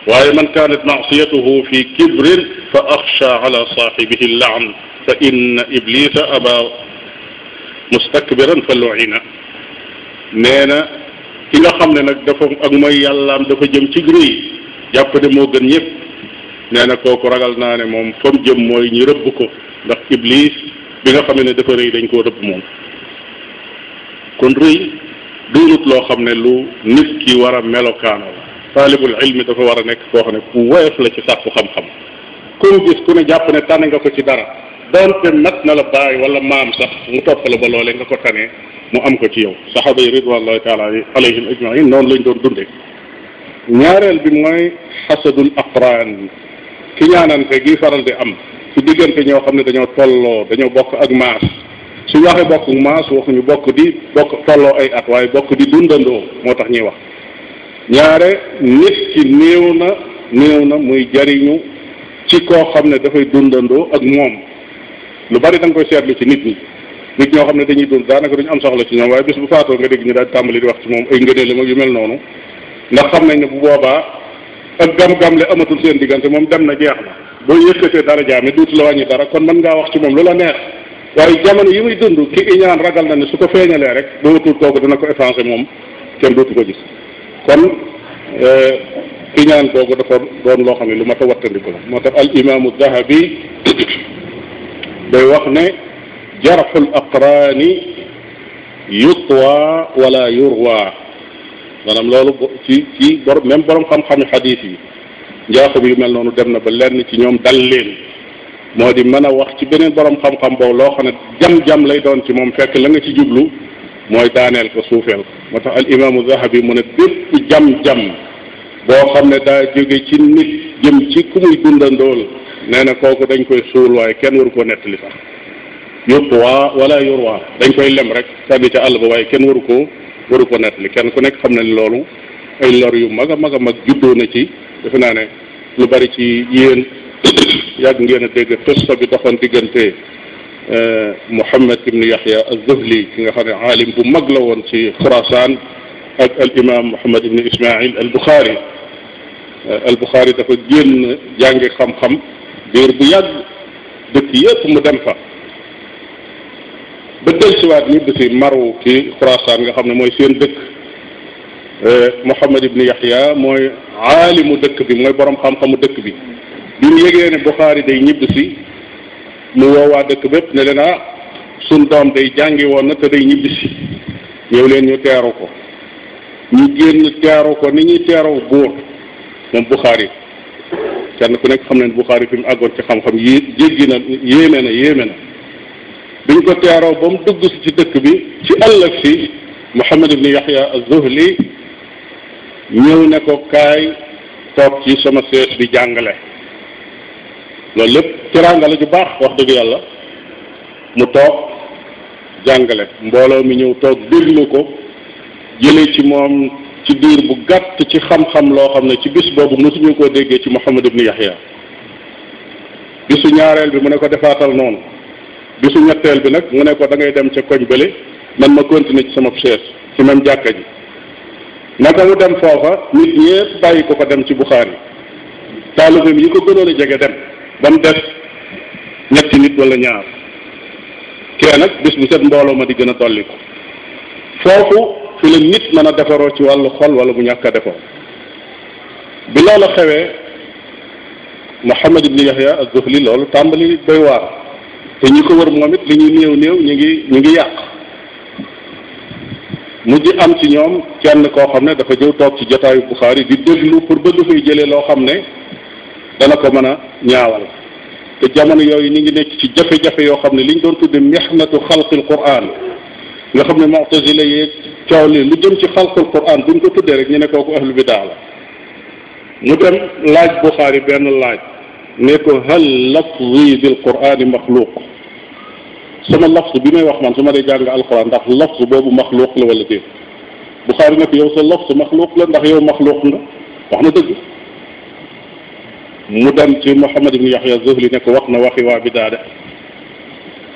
waaye man kaanat maasiyatuhu fi kibrin fa axsha ala saaxibihi llaan fa inna iblisa aba mustakbiran fa lu'ina nee na ki nga xam ne nag dafa ak mooy yàllaam dafa jëm ci gri jàpp ne moo gën ñëpp nee na kooku ragal naa ne moom fa jëm mooy ñu rëbb ko ndax iblis bi nga xam ne dafa rëy dañ koo rëbb moom kon rëy duurut loo xam ne lu nit ki war a melokaano la taalibul ilmi dafa war a nekk koo xam ne ku woyof la ci sàkku xam-xam comme gis ku ne jàpp ne tànn nga ko ci dara doonte mat na la bàyyi wala maam sax mu topp la ba loolee nga ko tanee mu am ko ci yow saxaaba yi ridwanullahi taala alayhim ajmain noonu lañ doon dundee ñaareel bi mooy xasadul aqraan ki ñaanante gi faral di am ci diggante ñoo xam ne dañoo tolloo dañoo bokk ak maas su ñu waxee bokk maas waxuñu bokk di bokk tolloo ay at waaye bokk di dundandoo moo tax ñuy wax ñaare nit ki néew na néew na muy jariñu ci koo xam ne dafay dundandoo ak moom lu bari danga koy seetlu ci nit ñi nit ñoo xam ne dañuy dund daanaka duñu am soxla ci ñoom waaye bis bu faatoo nga dégg ñu daal tàmbali di wax ci moom ay ngëneelam yu mel noonu ndax xam nañ ne bu boobaa ak gam-gam le amatul seen diggante moom dem na jeex la boo yëkkatee dara jaame duutu la wàññi dara kon mën ngaa wax ci moom loola neex waaye jamono yi muy dund ki iñaan ragal na ne su ko feeñalee rek boo wutul kooku dana ko effacé moom kenn dootu ko gis kon euh, iñaan kooku dafa doon loo xam ne lu mat a wattandiku moo tax al imaamu dahabi day wax ne jarxul aqraani yutwa wala yurwa maanaam loolu ci ci bor même borom xam-xami xadiis yi njaaxu bi yu mel noonu dem na ba lenn ci ñoom dal leen moo di mën a wax ci beneen borom xam-xam boobu loo xam ne jam-jam lay doon ci moom fekk la nga ci jublu mooy daaneel ko suufeel ko moo tax al imaamu zahabi mu ne bépp jam-jam boo xam ne daa jóge ci nit jëm ci ku muy dundandool nee na kooku dañ koy suul waaye kenn waru koo nettali sax yurwa wala yurwa dañ koy lem rek sànni àll ba waaye kenn waru koo waru koo nettali kenn ku nekk xam na loolu ay lor yu mag a mag a mag juddoo na ci defe naa ne lu bari ci yéen yàgg ngeen a dégg qissa bi doxoon diggante eh, Muhammad ibnu Yahya az-Zuhli ki nga xam a aalim bu mag la woon ci Xurasaan ak al imam Muhammad ibnu Ismail al Buxaari eh, al Buxaari dafa génn jànge xam diir bu yàgg dëkk yépp mu dem fa ba siwaat ni dëkk maru ci Xurasaan nga xam ne mooy seen dëkk euh, Muhammad ibn Yahya mooy aalimu dëkk bi mooy borom xam-xamu dëkk bi bi mu yëgee ne Buxaari day ñibb si mu woowaa dëkk bépp ne leen ah suñ doom day jàngi woon na te day ñibbi si ñëw leen ñu teeru ko ñu génn teeru ko ni ñuy teeroo buur moom Buxaari kenn ku nekk xam ne Buxaari fi mu àggoon ci xam-xam yi jéggi na yéeme na yéeme na biñ ko teeroo ba mu dugg ci dëkk bi ci ëllëg si Muhammad ibn Yaxya az-Zuhli ñëw ne ko kaay toog ci sama sees di jàngale loolu lépp teraanga la ju baax wax dëgg yàlla mu toog jàngale mbooloo mi ñëw toog déglu ko jëlee ci moom ci diir bu gàtt ci xam-xam loo xam ne ci bis boobu mosuñu koo déggee ci Muhammad ibn Yahya bisu ñaareel bi mu ne ko defaatal noonu bisu ñetteel bi nag mu ne ko da dem ca koñ bële man ma continuer ci sama chaise ci même jàkka ji naka mu dem foofa nit ñëpp bàyyi ko fa dem ci Buxaari taalibeem yi ko gënoon a jege dem ba mu def ñetti nit wala ñaar kee nag bis bu set mbooloo ma di gën a tolli foofu fi la nit mën a defaroo ci wàllu xol wala bu ñàkk a defaroo bi loola xewee Muhammad ibn Yahya az li loolu tàmbali doy waar te ñi ko wër moom it li ñuy néew néew ñu ngi ñu ngi yàq mujj am ci ñoom kenn koo xam ne dafa jëw toog ci jotaayu Buxaari di déglu pour ba fay jëlee loo xam ne dana ko mën a ñaawal te jamono yooyu ñu ngi nekk ci jafe-jafe yoo xam ne li ñu doon tudde mixnatu xalqil Qur'an nga xam ne mu'tazila yeeg caaw li lu jëm ci xalqul quran bu ñu ko tuddee rek ñu ne ko ahlu bidaa la mu dem laaj buxaari benn laaj ne ko hal lafzi bil qurani maxluuq sama lafz bi may wax man su ma dee jàng alquran ndax lafz boobu maxluuq la wala déet buxaari ne ko yow sa lafz maxluuq la ndax yow maxluuq nga wax na dëgg mu dem ci Muhammad ibn Yaxya Zuhli ne ko wax na waxi waa bidaa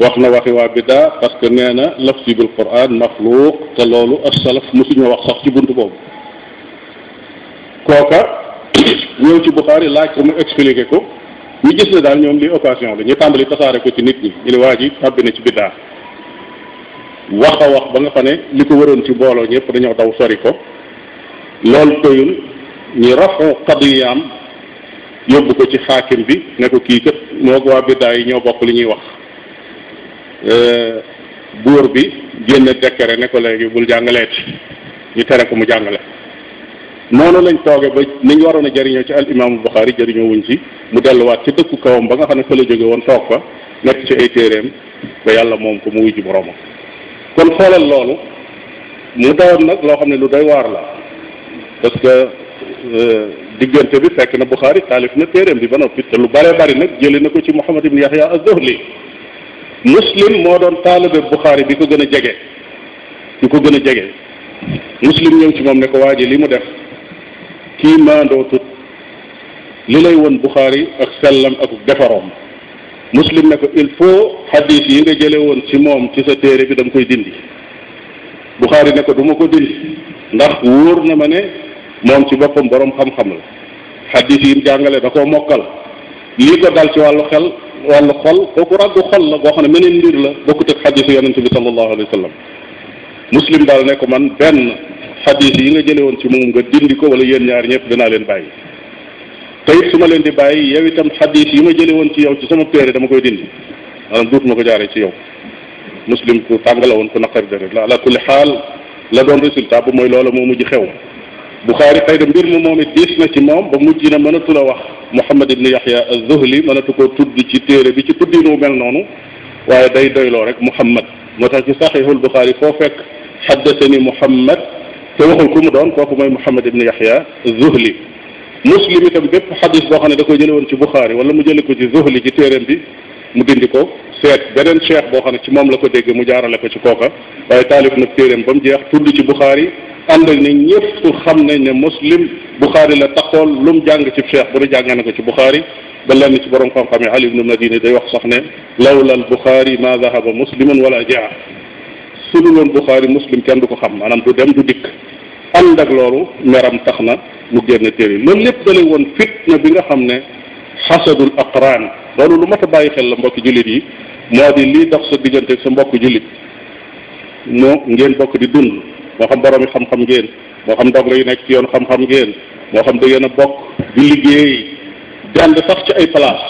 wax na waxi waa biddaa parce que nee na lafzul quran maxluuq te loolu ak salaf mosuñoo wax sax ci bunt boobu kooka ñëw ci Buxaari laaj ko mu expliqué ko ñu gis ne daal ñoom li occasion la ñu tàmbali tasaare ko ci nit ñi ñu ne waa ji tàbbi na ci biddaa wax a wax ba nga xam ne li ko waroon ci mbooloo ñëpp dañoo daw sori ko loolu doyul ñu rafu qadiyaam yóbbu ko ci xaakim bi ne ko kii kat moo waa biddaa yi ñoo bokk li ñuy wax buur euh, bi génn décret ne ko léegi bul jàngaleeti ñu tere ko mu jàngale noonu lañ tooge ba niñ waroon a jariñoo ci al imaamu Buxaari jëriñoo wuñ ci mu delluwaat ci dëkku kawam ba nga xam ne fa la jóge woon toog ko nekk ci ay téeréem ba yàlla moom ko mu wuy ji boroomam kon xoolal loolu mu doon nag loo xam ne lu day waar la parce que euh, diggante bi fekk na Buxaari taalif na téeréem bi ba noppi lu bare bari nag jëli na ko ci Muhammad ibn Yahya az-Zuhli muslim moo doon taalibe Buxaari bi ko gën a jege bi ko gën a jege muslim ñëw ci moom ne ko waa ji li mu def kii maandoo li lay won Buxaari ak sellam ak defaroom muslim ne ko il faut xadis yi nga jële woon ci moom ci sa téere bi dama koy dindi Buxaari ne ko duma ko dindi ndax wóor na ma ne moom ci boppam boroom xam-xam la xadis yi jàngale da koo mokkal lii ko dal ci wàllu xel wàllu xol kooku ràggu xol la boo xam ne meneen mbir la bokkut ak xadisu yonente bi sallallahu alayhi wa sallam muslim daal ne ko man benn xadis yi nga jële woon ci moom nga dindi ko wala yéen ñaar ñëpp danaa leen bàyyi te it su ma leen di bàyyi yow itam xadis yi ma jële woon ci yow ci sama téere dama koy dindi maanaam duut ma ko jaaree ci yow muslim ku tàngala woon ku naqari deret la ala kulli xaal la doon résultat bu mooy loola moo mujj xew Buxaari xëy na mbir mu moom it diis na ci moom ba ji na mënatu la wax Muhammad ibn Yahya az-Zuhli mënatu koo tudd ci téere bi ci tuddinu mel noonu waaye day doyloo rek Muhammad moo tax ci saxiixul Buxaari foo fekk xaddasani Muhammad te waxul mu doon kooku mooy Muhammad ibn Yahya az-Zuhli Muslim itam bépp xadis boo xam ne da koy woon ci Buxaari wala mu jële ko ci Zuhli ci téereem bi mu dindi ko seet beneen cheikh boo xam ne ci moom la ko dégg mu jaarale ko ci kooka waaye taalif nag téeréem ba mu jeex tudd ci Buxaari ànd ak ne ñëpp xam nañ ne muslim Buxaari la taxool lu mu jàng ci cheikh bu ne na ko ci Buxaari ba lenn ci borom xam-xam yi Ali ibnu Madini day wax sax ne lawla al Buxaari ma zahaba muslimun wala jaa su dul woon Buxaari muslim kenn du ko xam maanaam du dem du dikk ànd ak loolu meram tax na mu génn téere loolu lépp da lay woon fitna bi nga xam ne xasadul aqraan loolu lu mat bàyyi xel la mbokki jullit yi moo di lii dox sa diggante sa mbokki jullit mu ngeen bokk di dund moo xam borom yi xam-xam ngeen moo xam ndongo yi nekk ci yoon xam-xam ngeen moo xam da ngeen bokk di liggéey dend sax ci ay place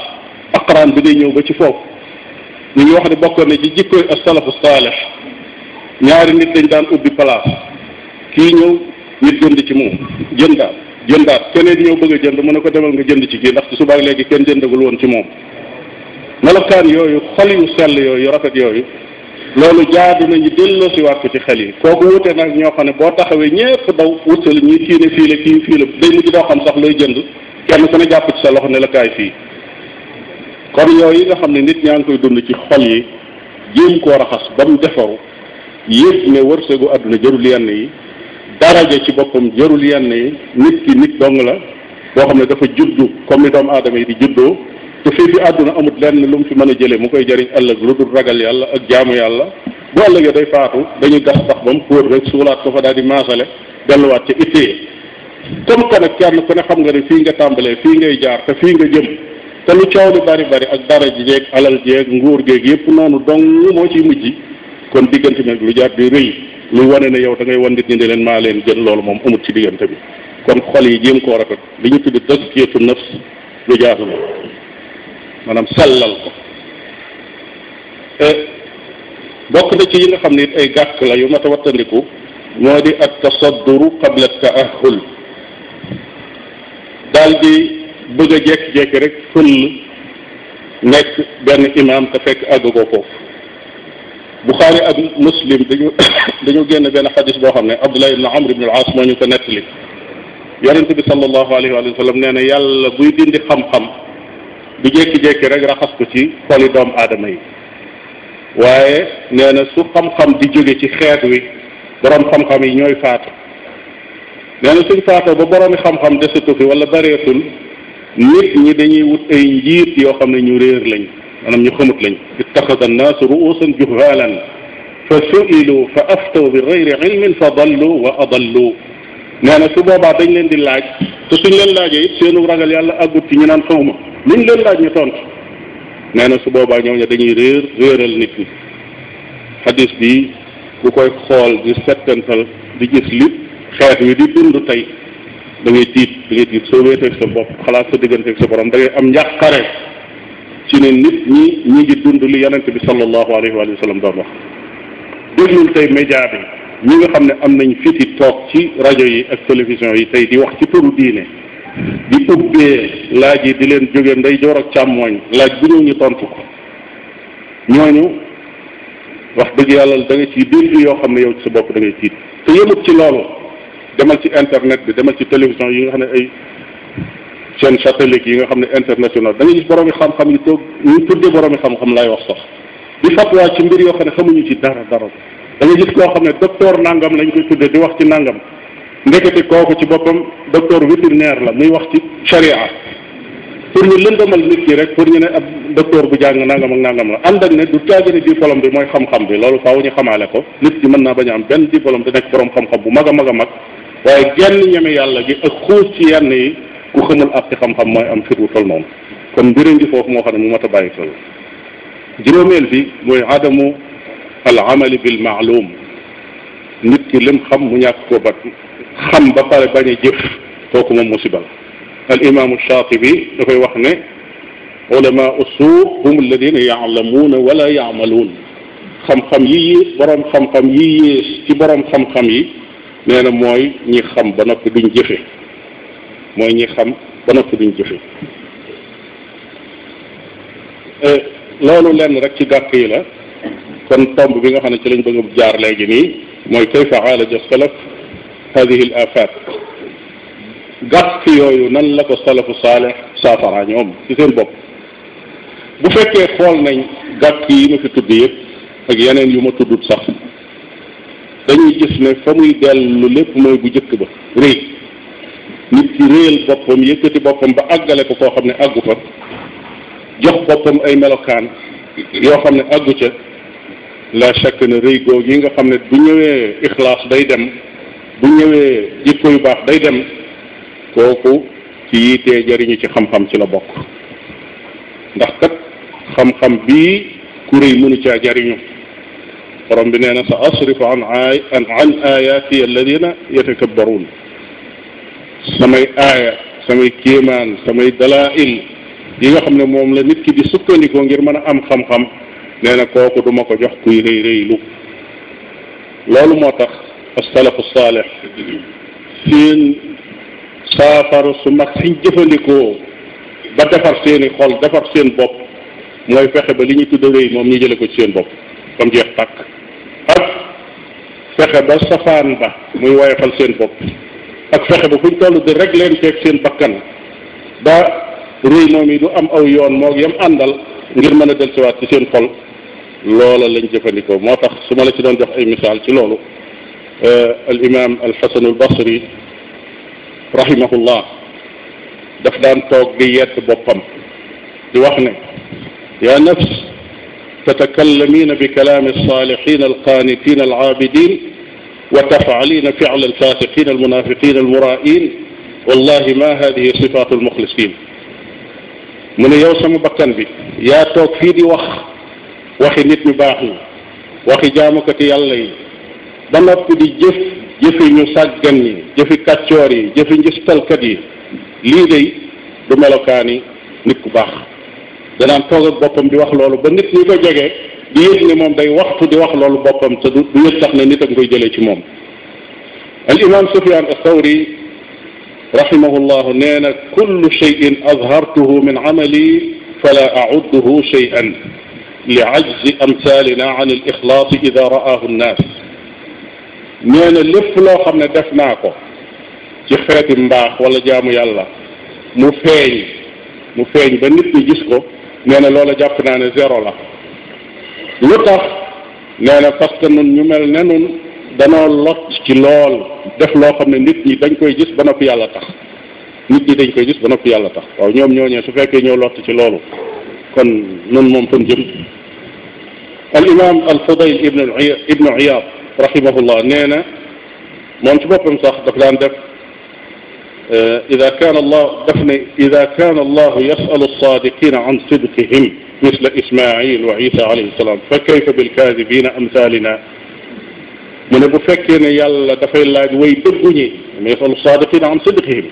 aqraan bi day ñëw ba ci foofu ñu ngi wax ne bokkoon ne ci jikkooy as-salafu saalih ñaari nit dañ daan ubbi place kii ñëw nit jënd ci moom jënd daal jëndaat keneen ñëw bëgg a jënd mu ne ko demal nga jënd ci kii ndax ci subaak léegi kenn jëndagul woon ci moom melokaan yooyu xol yu sell yooyu yu rafet yooyu loolu jaadu nañu delloosiwaat ko ci xel yi kooku wute nag ñoo xam ne boo taxawee ñëpp daw wutal ñii kii ne fii la kii fii la day mujj doo xam sax looy jënd kenn ku ne jàpp ci sa loxo ne la kaay fii kon yooyu nga xam ne nit ñaa ngi koy dund ci xol yi jéem koo raxas ba mu defaru yëg ne wërsëgu àdduna jërul yenn yi daraja ci boppam jarul yenn yi nit ki nit dong la boo xam ne dafa juddu comme ni doomu aadama yi di juddoo te fii fi àdduna amut lenn lu mu fi mën a jëlee mu koy jariñ ëllëg lu dul ragal yàlla ak jaamu yàlla bu ëllëgee day faatu dañu gas sax ba mu fóot rek suulaat ko fa daal di maasale delluwaat ca ittee comme que nag kenn ku ne xam nga ne fii nga tàmbalee fii ngay jaar te fii nga jëm te lu coow li bari bari ak dara ji jeeg alal jeeg nguur géeg yépp noonu dong moo ciy mujj kon diggante nag lu jaar di rëy luy wane ne yow dangay ngay wan nit ñi ne leen maa leen gën loolu moom amut ci diggante bi kon xol yi jéem koo rafet li ñu tudd tazkiyatu nafs lu jaatul maanaam sellal ko bokk na ci yi nga xam ne it ay gàkk la yu mat a wattandiku moo di ak tasadduru qabla taahul daal di bëgg a jekki-jekki rek fëll nekk benn imaam te fekk àgg ko foofu Buxaari ak Muslim dañu dañu génn benn xadis boo xam ne Abdullah ibn Amr ibn al moo ñu ko nettali yonente bi sallallahu alayhi wa sallam nee na yàlla buy dindi xam-xam du jékki-jékki rek raxas ci xoli doomu aadama yi waaye nee na su xam-xam di jóge ci xeet wi boroom xam-xam yi ñooy faatu nee na suñ faatoo ba boroomi xam-xam desatu fi walla bareetul nit ñi dañuy wut ay njiit yoo xam ne ñu réer lañ maanaam ñu xamut lañ ittaxada annaasu ruusan juhaalan fa suilu fa aftaw bi gayri ilmin fa dallu wa adallu nee su boobaa dañ leen di laaj te suñ leen laajee it seenu ragal yàlla àggut ci ñu naan xawma luñ leen laaj ñu tontu nee na su boobaa ñëw ña dañuy réer réeral nit ñi xadis bi bu koy xool di settantal di gis li xeet wi di dund tey da ngay tiit da ngay tiit soo wéeteeg sa bopp xalaat sa digganteeg sa borom da am njàqare ci ne nit ñi ñi ngi dund li yonent bi sallallahu alayhi wa sallam doon wax déglul tey média bi ñi nga xam ne am nañ fiti toog ci rajo yi ak télévision yi tey di wax ci turu diine di ubbee laaj yi di leen jóge joor ak càmmooñ laaj bu ñëw ñu tontu ko ñooñu wax dëgg yàlla da nga ci biir yoo xam ne yow ci sa bopp da ngay tiit te yëmut ci loolu demal ci internet bi demal ci télévision yi nga xam ne ay seen satellite yi nga xam ne international da nga gis boroomi xam-xam yi toog ñu tudde boroomi xam-xam lay wax sax di fatwa ci mbir yoo xam ne xamuñu ci dara dara da nga gis koo xam ne docteur nangam lañ koy tudde di wax ci nangam ndekete kooku ci boppam docteur vétérinaire la muy wax ci charia pour ñu lëndamal nit ki rek pour ñu ne ab docteur bu jàng nangam ak nangam la ànd ak ne du caagane diplôme bi mooy xam-xam bi loolu faaw ñu xamaale ko nit mën naa bañ a am benn diplôme di nekk borom xam-xam bu mag a mag a mag waaye genn ñeme ci yi ku xamul ak ci xam-xam mooy am fit wu tol noonu kon mbir ngi foofu moo xam ne mu mat a bàyyi tol juróomeel bi mooy adamu al amali bil maalum nit ki lim xam mu ñàkk ko ba xam ba pare bañ a jëf kooku moom musiba la al imaamu Shaatibi dafay wax ne ulama usuu hum alladina yaalamuuna wala yaamaluun xam-xam yi yées boroom xam-xam yi yées ci boroom xam-xam yi nee na mooy ñi xam ba noppi duñ jëfe mooy ñi xam ba noppi duñ jëfe euh, loolu lenn rek ci gàkk yi la kon tomb bi nga xam ne ci lañ bëgg a jaar léegi nii mooy kayfa alaja salaf hadihi al afat gàkk yooyu nan la ko salafu saaleh saafara ñoom ci seen bopp bu fekkee xool nañ gàkk yi ma fi tudd yëpp ak yeneen yu ma tuddut sax dañuy gis ne fa muy dellu lépp mooy bu jëkk ba réy nit ki réyal boppam yëkkati boppam ba àggale ko koo xam ne àggu fa jox boppam ay melokaan yoo xam ne àggu ca la chaque na rëy googu nga xam ne bu ñëwee ixlaas day dem bu ñëwee jikko yu baax day dem kooku ci yiitee jariñu ci xam-xam ci la bokk ndax xam-xam bii ku rëy mënu ca jariñu borom bi nee na sa asrifu an ay an an ayati alladina yatakabbaruun samay aaya samay kéemaan samay dalail yi nga xam ne moom la nit ki di sukkandikoo ngir mën a am xam-xam nee na kooku duma ko jox kuy rëy rëylu loolu moo tax asalafu saalix seen saafara su mag siñ jëfandikoo ba defar seeni xol defar seen bopp mooy fexe ba li ñu tudda rëy moom ñu jële ko ci seen bopp ba mu tàkk ak fexe ba safaan ba muy woyofal seen bopp ak fexe ba fuñ toll di rek leen ceeg seen bakkan ba réy moom yi du am aw yoon moo yam àndal ngir mën a dellusiwaat ci seen xol loola lañ jëfandikoo moo tax su ma la ci doon jox ay misaal ci loolu euh, al imam al xasan al basri rahimahullah daf daan toog di yett boppam di wax ne ya nafs tatakallamina bi kalaami alsaalixin alqaanitin alaabidin وتفعلين فعل الفاسقين المنافقين المرائين wallahi ma hadihi sifatu almuxlisin mu ne yow sama bakkan bi yaa toog fii di wax waxi nit ñu baax ñi waxi jaamukati yàlla yi ba noppi di jëf jëfi ñu sàggan yi jëfi kàccoor yi jëfi njistalkat yi lii day du melokaani nit ku baax danaan toog ak boppam di wax loolu ba nit ñi ko jege di yëg ne moom day waxtu di wax loolu boppam te du yëg sax ne nit a ngi koy jëlee ci moom al imam sufyan althawri rahimahullahu nee na kullu cheyin azhartuhu min amali fala audduhu cheyan li ajzi amsalina an al ixlaas ida raahu nnaas nee na lépp loo xam ne def naa ko ci xeeti mbaax wala jaamu yàlla mu feeñ mu feeñ ba nit ñi gis ko nee na loola jàpp naa ne zéro la lu tax nee na parce que nun ñu mel ne nun danoo lot ci lool def loo xam ne nit ñi dañ koy jis ba noppi yàlla tax nit ñi dañ koy gis ba noppi yàlla tax waaw ñoom ñooñee su fekkee ñoo lott ci loolu kon nun moom fan jëm al imam al fudayl ibnu ibnu iyad nee na moom ci boppam sax daf daan def ida kaana allah daf ne ida kaana allahu yasalu alsaadiqina an sidqihim misla ismail wa isa alayhi salaam fa kayfa bilkaadibina amthalina mu ne bu fekkee ne yàlla dafay laaj way dëgguñi dama yasalu saadiqina an sidqihim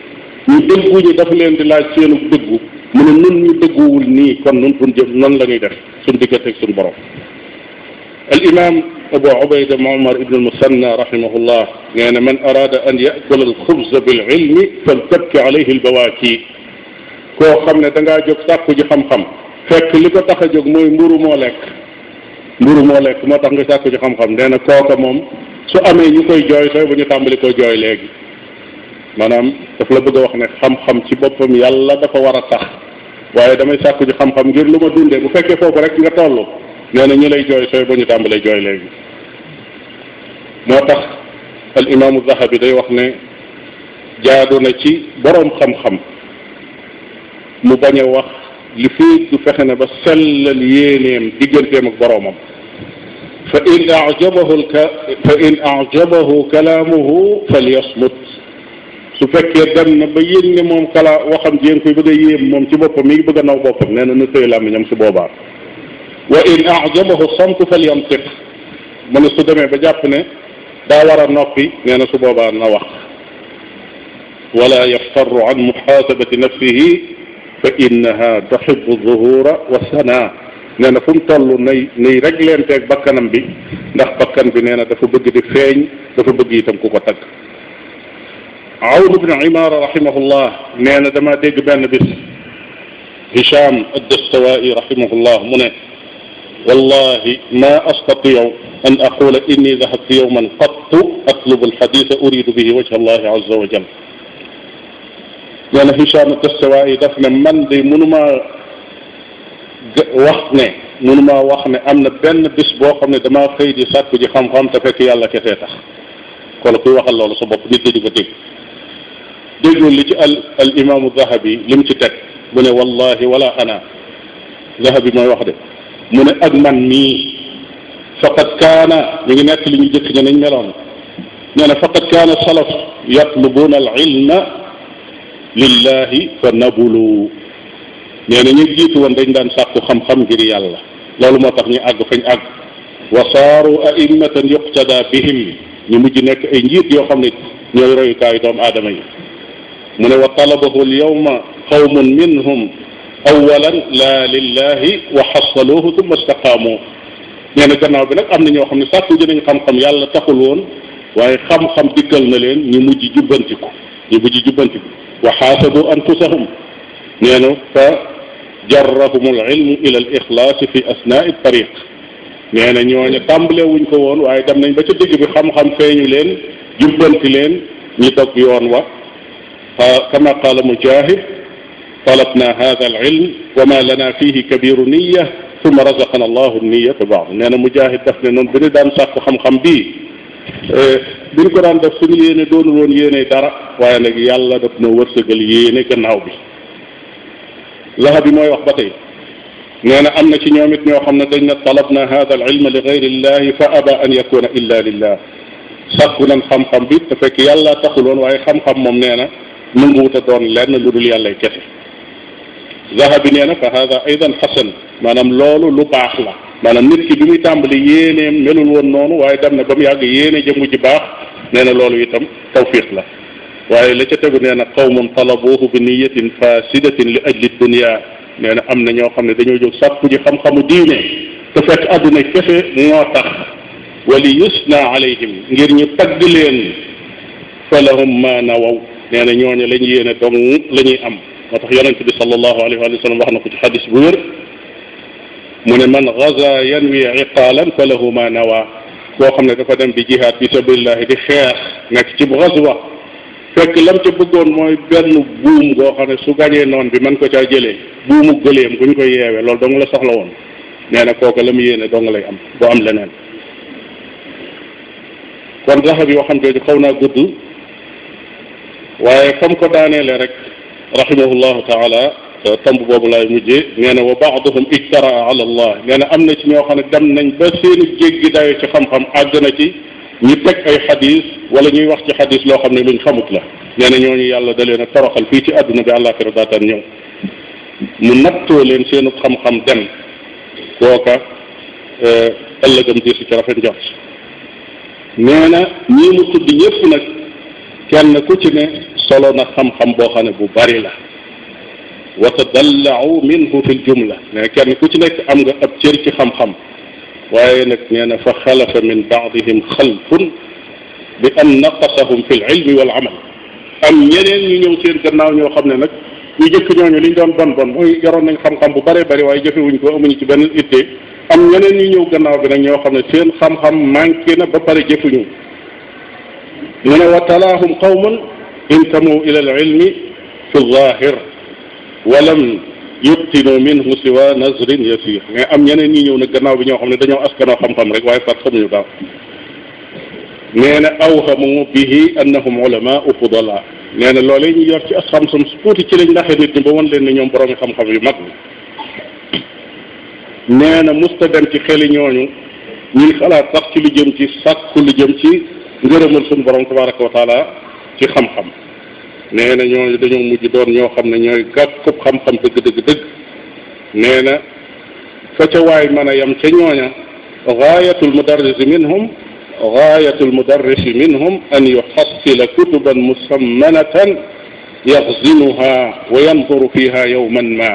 ñu dëgguñi daf leen di laaj seenu dëggu mu ne nun ñu dëgguwul nii kon nun suñ jëf nan la ñuy def suñ digganteeg suñ borom al imam Abu Ubayda Omar ibn al-Musanna rahimahullah nee na man araada an yakula alxubza bililmi faltabki alayhi albawaaki koo xam ne da ngaa jóg sàkku ji xam-xam fekk li ko tax a jóg mooy mburu moo lekk mburu moo lekk moo tax nga sàkku ji xam-xam nee na kooka moom su amee ñu koy jooy tooy ba ñu tàmbali koy jooy léegi maanaam daf la bëgg a wax ne xam-xam ci boppam yàlla dafa war a tax waaye damay sàkku ji xam-xam ngir lu ma dundee bu fekkee foofu rek nga toll nee na ñi lay jooy sooy ba ñu tàmbalee jooy léegi moo tax al imaamu zahabi day wax ne jaadu na ci boroom xam-xam mu bañ wax li fii du fexe ne ba sellal yéeneem digganteem ak boroomam fa in ajabahu fa in ajabahu kalaamuhu falyasmut su fekkee dem na ba yéen ne moom kala waxam jéen koy bëgg a yéem moom ci boppam mi ngi bëgg na naw boppam nee na na tëy làmmiñam su boobaa wa in ajabahu samtu falyamtik mu ne su demee ba jàpp ne daa war a noppi nee na su boobaa na wax wala yaxtarru an muxaasabati nafsihi fa innaha tuxibu zuhura wa sana nee na fu mu toll nay nay réglenteeg bakkanam bi ndax bakkan bi nee na dafa bëgg di feeñ dafa bëgg itam ku ko tagg awn ibnu imara rahimahullah nee na dama dégg benn bis hisham ad-dastawai rahimahullah mu ne wallahi ma astati'u an aqula inni dahabtu yawman qattu atlubu alxadisa uridu bihi wajha allahi azza wa jalla nee na Hicham Tastawaay daf ne man de mënumaa wax ne mënumaa wax ne am na benn bis boo xam ne damaa xëy di sàkku ji xam-xam te fekk yàlla kesee tax kon kuy waxal loolu sa bopp nit dañu ko dégg déggul li ci al al imaamu Zahabi li mu ci teg bu ne wallahi wala ana Zahabi mooy wax de. mu ne ak man mii faqad kaana ñu ngi nekk li ñu jëkk ñe nañ meloon nee na faqad kaana salaf yatlubuna al ilma lillahi fa nabulu nee na ñu jiitu woon dañ daan sàkku xam-xam ngir yàlla loolu moo tax ñu àgg fañ àgg wa saaru a'immatan yuqtada bihim ñu mujj nekk ay njiit yoo xam ne ñooy royukaayu doomu aadama yi mu ne wa talabahu al yawma qawmun minhum awalan laa lillahi wa xasaluuhu tumma staqaamu nee na gannaaw bi nag am na ñoo xam ne sàkku ji nañ xam-xam yàlla taxul woon waaye xam-xam dikkal na leen ñu mujj jubbantiku ñu mujj jubbantiku wa xaasabu anfusahum nee na fa jarrahum al ilmu ila al ixlaasi fi asnaai tariq nee na ñooñu tàmbalee wuñ ko woon waaye dem nañ ba ca digg bi xam-xam feeñu leen jubbanti leen ñu dog yoon wa kama qaala mujahid talabna hada al ilm wa ma lana fihi kabiru niya summa razaqana allahu niyata baad nee na mujahid daf ne noonu bi ñu daan sàkku xam-xam bii eh, bi ñu ko daan def suñu yéene doonul woon yéene dara waaye nag yàlla daf na wërsëgal yéene gannaaw bi laha bi mooy wax ba tey nee na am na ci ñoom it ñoo xam ne dañ ne talabna hada al ilma li gayri illahi fa aba an yakuna illa lillah sàkku nañ xam-xam bi te fekk yàlla taxuloon waaye xam-xam moom nee na nanguwut a doon lenn lu dul yàllay kese zahabi nee na fa hada aidan xasan loolu lu baax la maanaam nit ki bi muy tàmbali yéeneem melul woon noonu waaye dem na ba mu yàgg yéene ja mujj baax nee na loolu itam tawfiq la waaye la ca tegu nee na qawmun talabuhu bi niyatin fasidatin li ajli dunia nee na am na ñoo xam ne dañoo jóg sàkku ji xam-xamu diine te fekk àdduna kese moo tax wali yusna alayhim ngir ñu tagg leen fa lahum ma nawaw nee na ñooñu lañ yéene dong la ñuy am moo tax yonente bi sallallahu alayhi wa wax na ko ci xadis bu wér mu ne man gaza yanwi iqaalan fa lahu ma nawa koo xam ne dafa dem bi jihaad bi sabilillahi di xeex nekk ci wa fekk lam ca bëggoon mooy benn buum goo xam ne su gañee noon bi man ko caa jële buumu gëleem bu ñu koy yeewee loolu dong la soxla woon nee na kooka la mu yéene dong lay am boo am leneen kon raxab yoo xam jooju xaw naa gudd waaye fam ko daaneele rek rahimahullahu taala tomb boobu laay mujjee nee na wa baaduhum ijtaraa ala allah nee na am na ci ñoo xam ne dem nañ ba seeni jéggi dayo ci xam-xam àgg na ci ñu teg ay xadis wala ñuy wax ci xadis loo xam ne luñ xamut la nee na ñooñu yàlla da leen a toroxal fii ci àdduna bi àllaaxira daataan ñëw mu nattoo leen seenu xam-xam dem kooka e, ëllëgam diisu ci rafet njort nee na ñii mu tudd ñëpp nag kenn ku ci ne solo na xam-xam boo xam ne bu bari la wa tadallau minhu fi ljumla nee na kenn ku ci nekk am nga ab cër ci xam-xam waaye nag nee na fa xalafa min baadihim xalfun bi an naqasahum fi lilmi wal amal am ñeneen ñu ñëw seen gannaaw ñoo xam ne nag ñu jëkk ñooñu li ñu doon bon bon mooy yoroon nañ xam-xam bu bëree bëri waaye jëfewuñ ko amuñu ci benn ittee am ñeneen ñëw gannaaw bi nag ñoo xam ne seen xam-xam manqué na ba pare jëfuñu ñu ne wa talaahum intamu ila alilmi fi zahir walam yuqtinu minhu siwa nazrin yasir mais am ñeneen ñi ñëw nag gannaaw bi ñoo xam ne dañoo askanoo xam-xam rek waaye fat xamuñu daaw nee na awhamu bihi annahum ulamaau fudala nee na loolee ñu yor ci as xam-xam tuuti ci lañ ndaxee nit ñi ba wan leen ne ñoom boroomi xam-xam yu mag nee na musta dem ci xeli ñooñu ñuy xalaat sax ci lu jëm ci sàkku lu jëm ci ngërëmal suñu borom tabaraka wa taala ci xam-xam nee na ñooñu dañoo mujj doon ñoo xam ne ñooy gàkkub xam-xam dëgg dëgg dëgg nee na fa ca waay mën a yem ca ñooña gaayatul mudarrisi minhum gaayatul mudarrisi minhum an yuxassila kutuban musammanatan yaxzinuha wa yanduru fiha yowman ma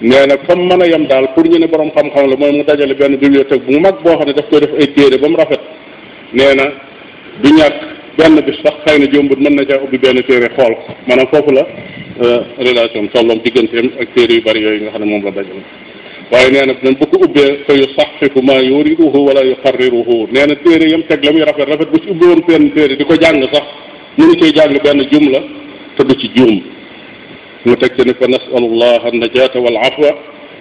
nee na fa mu mën a yem daal pour ñu ne borom xam-xam la mooy mu dajale benn bibliothèque bu mag boo xam ne daf koy def ay téere ba mu rafet nee na du ñàkk benn bis sax xëy na jombut mën na caa ubbi benn téere xool ko maanaam foofu la euh, relation tolloom digganteem ak téere yu bari yooyu nga xam ne moom la dajal waaye nee na même bu ko ubbee fa yu saxifu maa yuriduhu wala yuqarriruhu nee na téere yam teg la muy rafet rafet bu ci ubbi woon benn téere di ko jàng sax mu ngi cay jàng benn jumla te du ci juum mu teg ci ne fa nasalullah annajaata wal afwa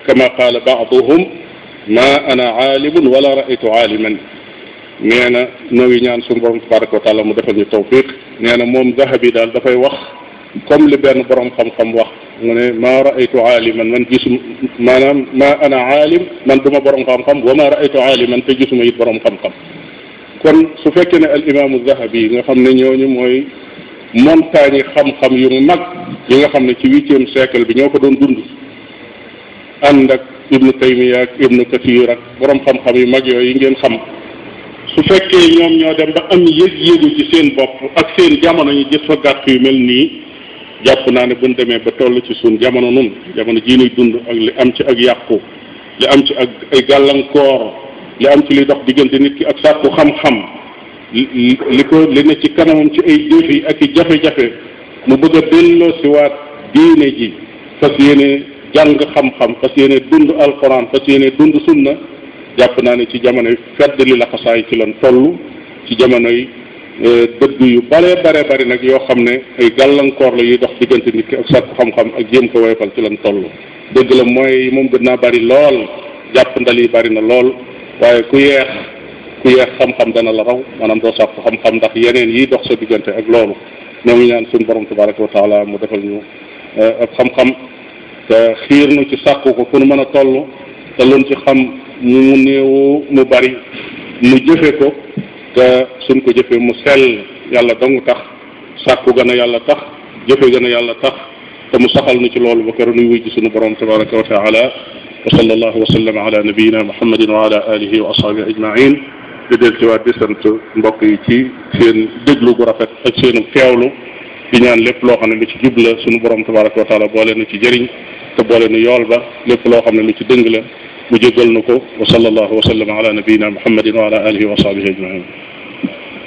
kama qaala baaduhum ma ana aalimun wala ra'aytu aaliman nee na ñoo ngi ñaan suñu borom tabaraka wa taala mu defal ñu tawfiq nee na moom Dahabi daal dafay wax comme li benn borom xam-xam wax mu ne maa raaytu aaliman man gisuma maanaam maa ana aalim man du ma borom xam-xam wa maa raaytu aaliman te gisuma it borom xam-xam kon su fekkee ne al imaamu Dahabi nga xam ne ñooñu mooy montagne xam-xam yu mag yi nga xam ne ci huitième siècle bi ñoo ko doon dund ànd ak ibnu taymiya ak ibnu kathir ak xam-xam yu mag yooyu ngeen xam. su fekkee ñoom ñoo dem ba am yëg-yëgu ci seen bopp ak seen jamono ñu gis fa gàtt yu mel nii jàpp naa ne buñ demee ba toll ci suñ jamono nun jamono jii nuy dund ak li am ci ak yàqu li am ci ak ay gàllankoor li am ci li dox diggante nit ki ak sàkku xam-xam li ko li ne ci kanamam ci ay défi ak i jafe-jafe mu bëgg a delloo si waat diine ji fas yéene jàng xam-xam fas yéene dund alxuraan fas yéene dund sunna jàpp naa ne ci jamonoy fedd li la xasaay ci lan toll ci yi euh, dëgg yu bare bare bari nag yoo xam ne ay gàllankoor la yuy dox diggante nit ki ak sàkku xam-xam ak jéem ko woyofal ci lan toll dëgg la mooy moom gën naa bari lool jàpp ndal yi bari na lool waaye ku yeex ku yeex xam-xam dana la raw maanaam doo sàkku xam-xam ndax yeneen yi dox sa diggante ak loolu ñoo ngi ñaan suñu borom tabaraka wa taala mu defal ñu euh, ak xam-xam te xiir nu ci sàkku ko fu nu mën a toll mu néew mu bari mu jëfe ko te suñ ko jëfee mu sell yàlla dong tax sàkku gën a yàlla tax jëfe gën a yàlla tax te mu saxal nu ci loolu ba keroog nuy wuy ci sunu borom tabaraka wa taala wa sallallahu wa sallam ala nabiyina muhammadin wa ala alihi wa ashaabihi ajmain di del ci waat di sant mbokk yi ci seen déglu gu rafet ak seenu teewlu di ñaan lépp loo xam ne lu ci jub la sunu borom tabaraka wa taala boole nu ci jëriñ te boole nu yool ba lépp loo xam ne lu ci dëng la mu jéggal na ko wa sallallahu wa sallam ala nabiyina muhammadin wa ala alihi wa sahbihi ajmain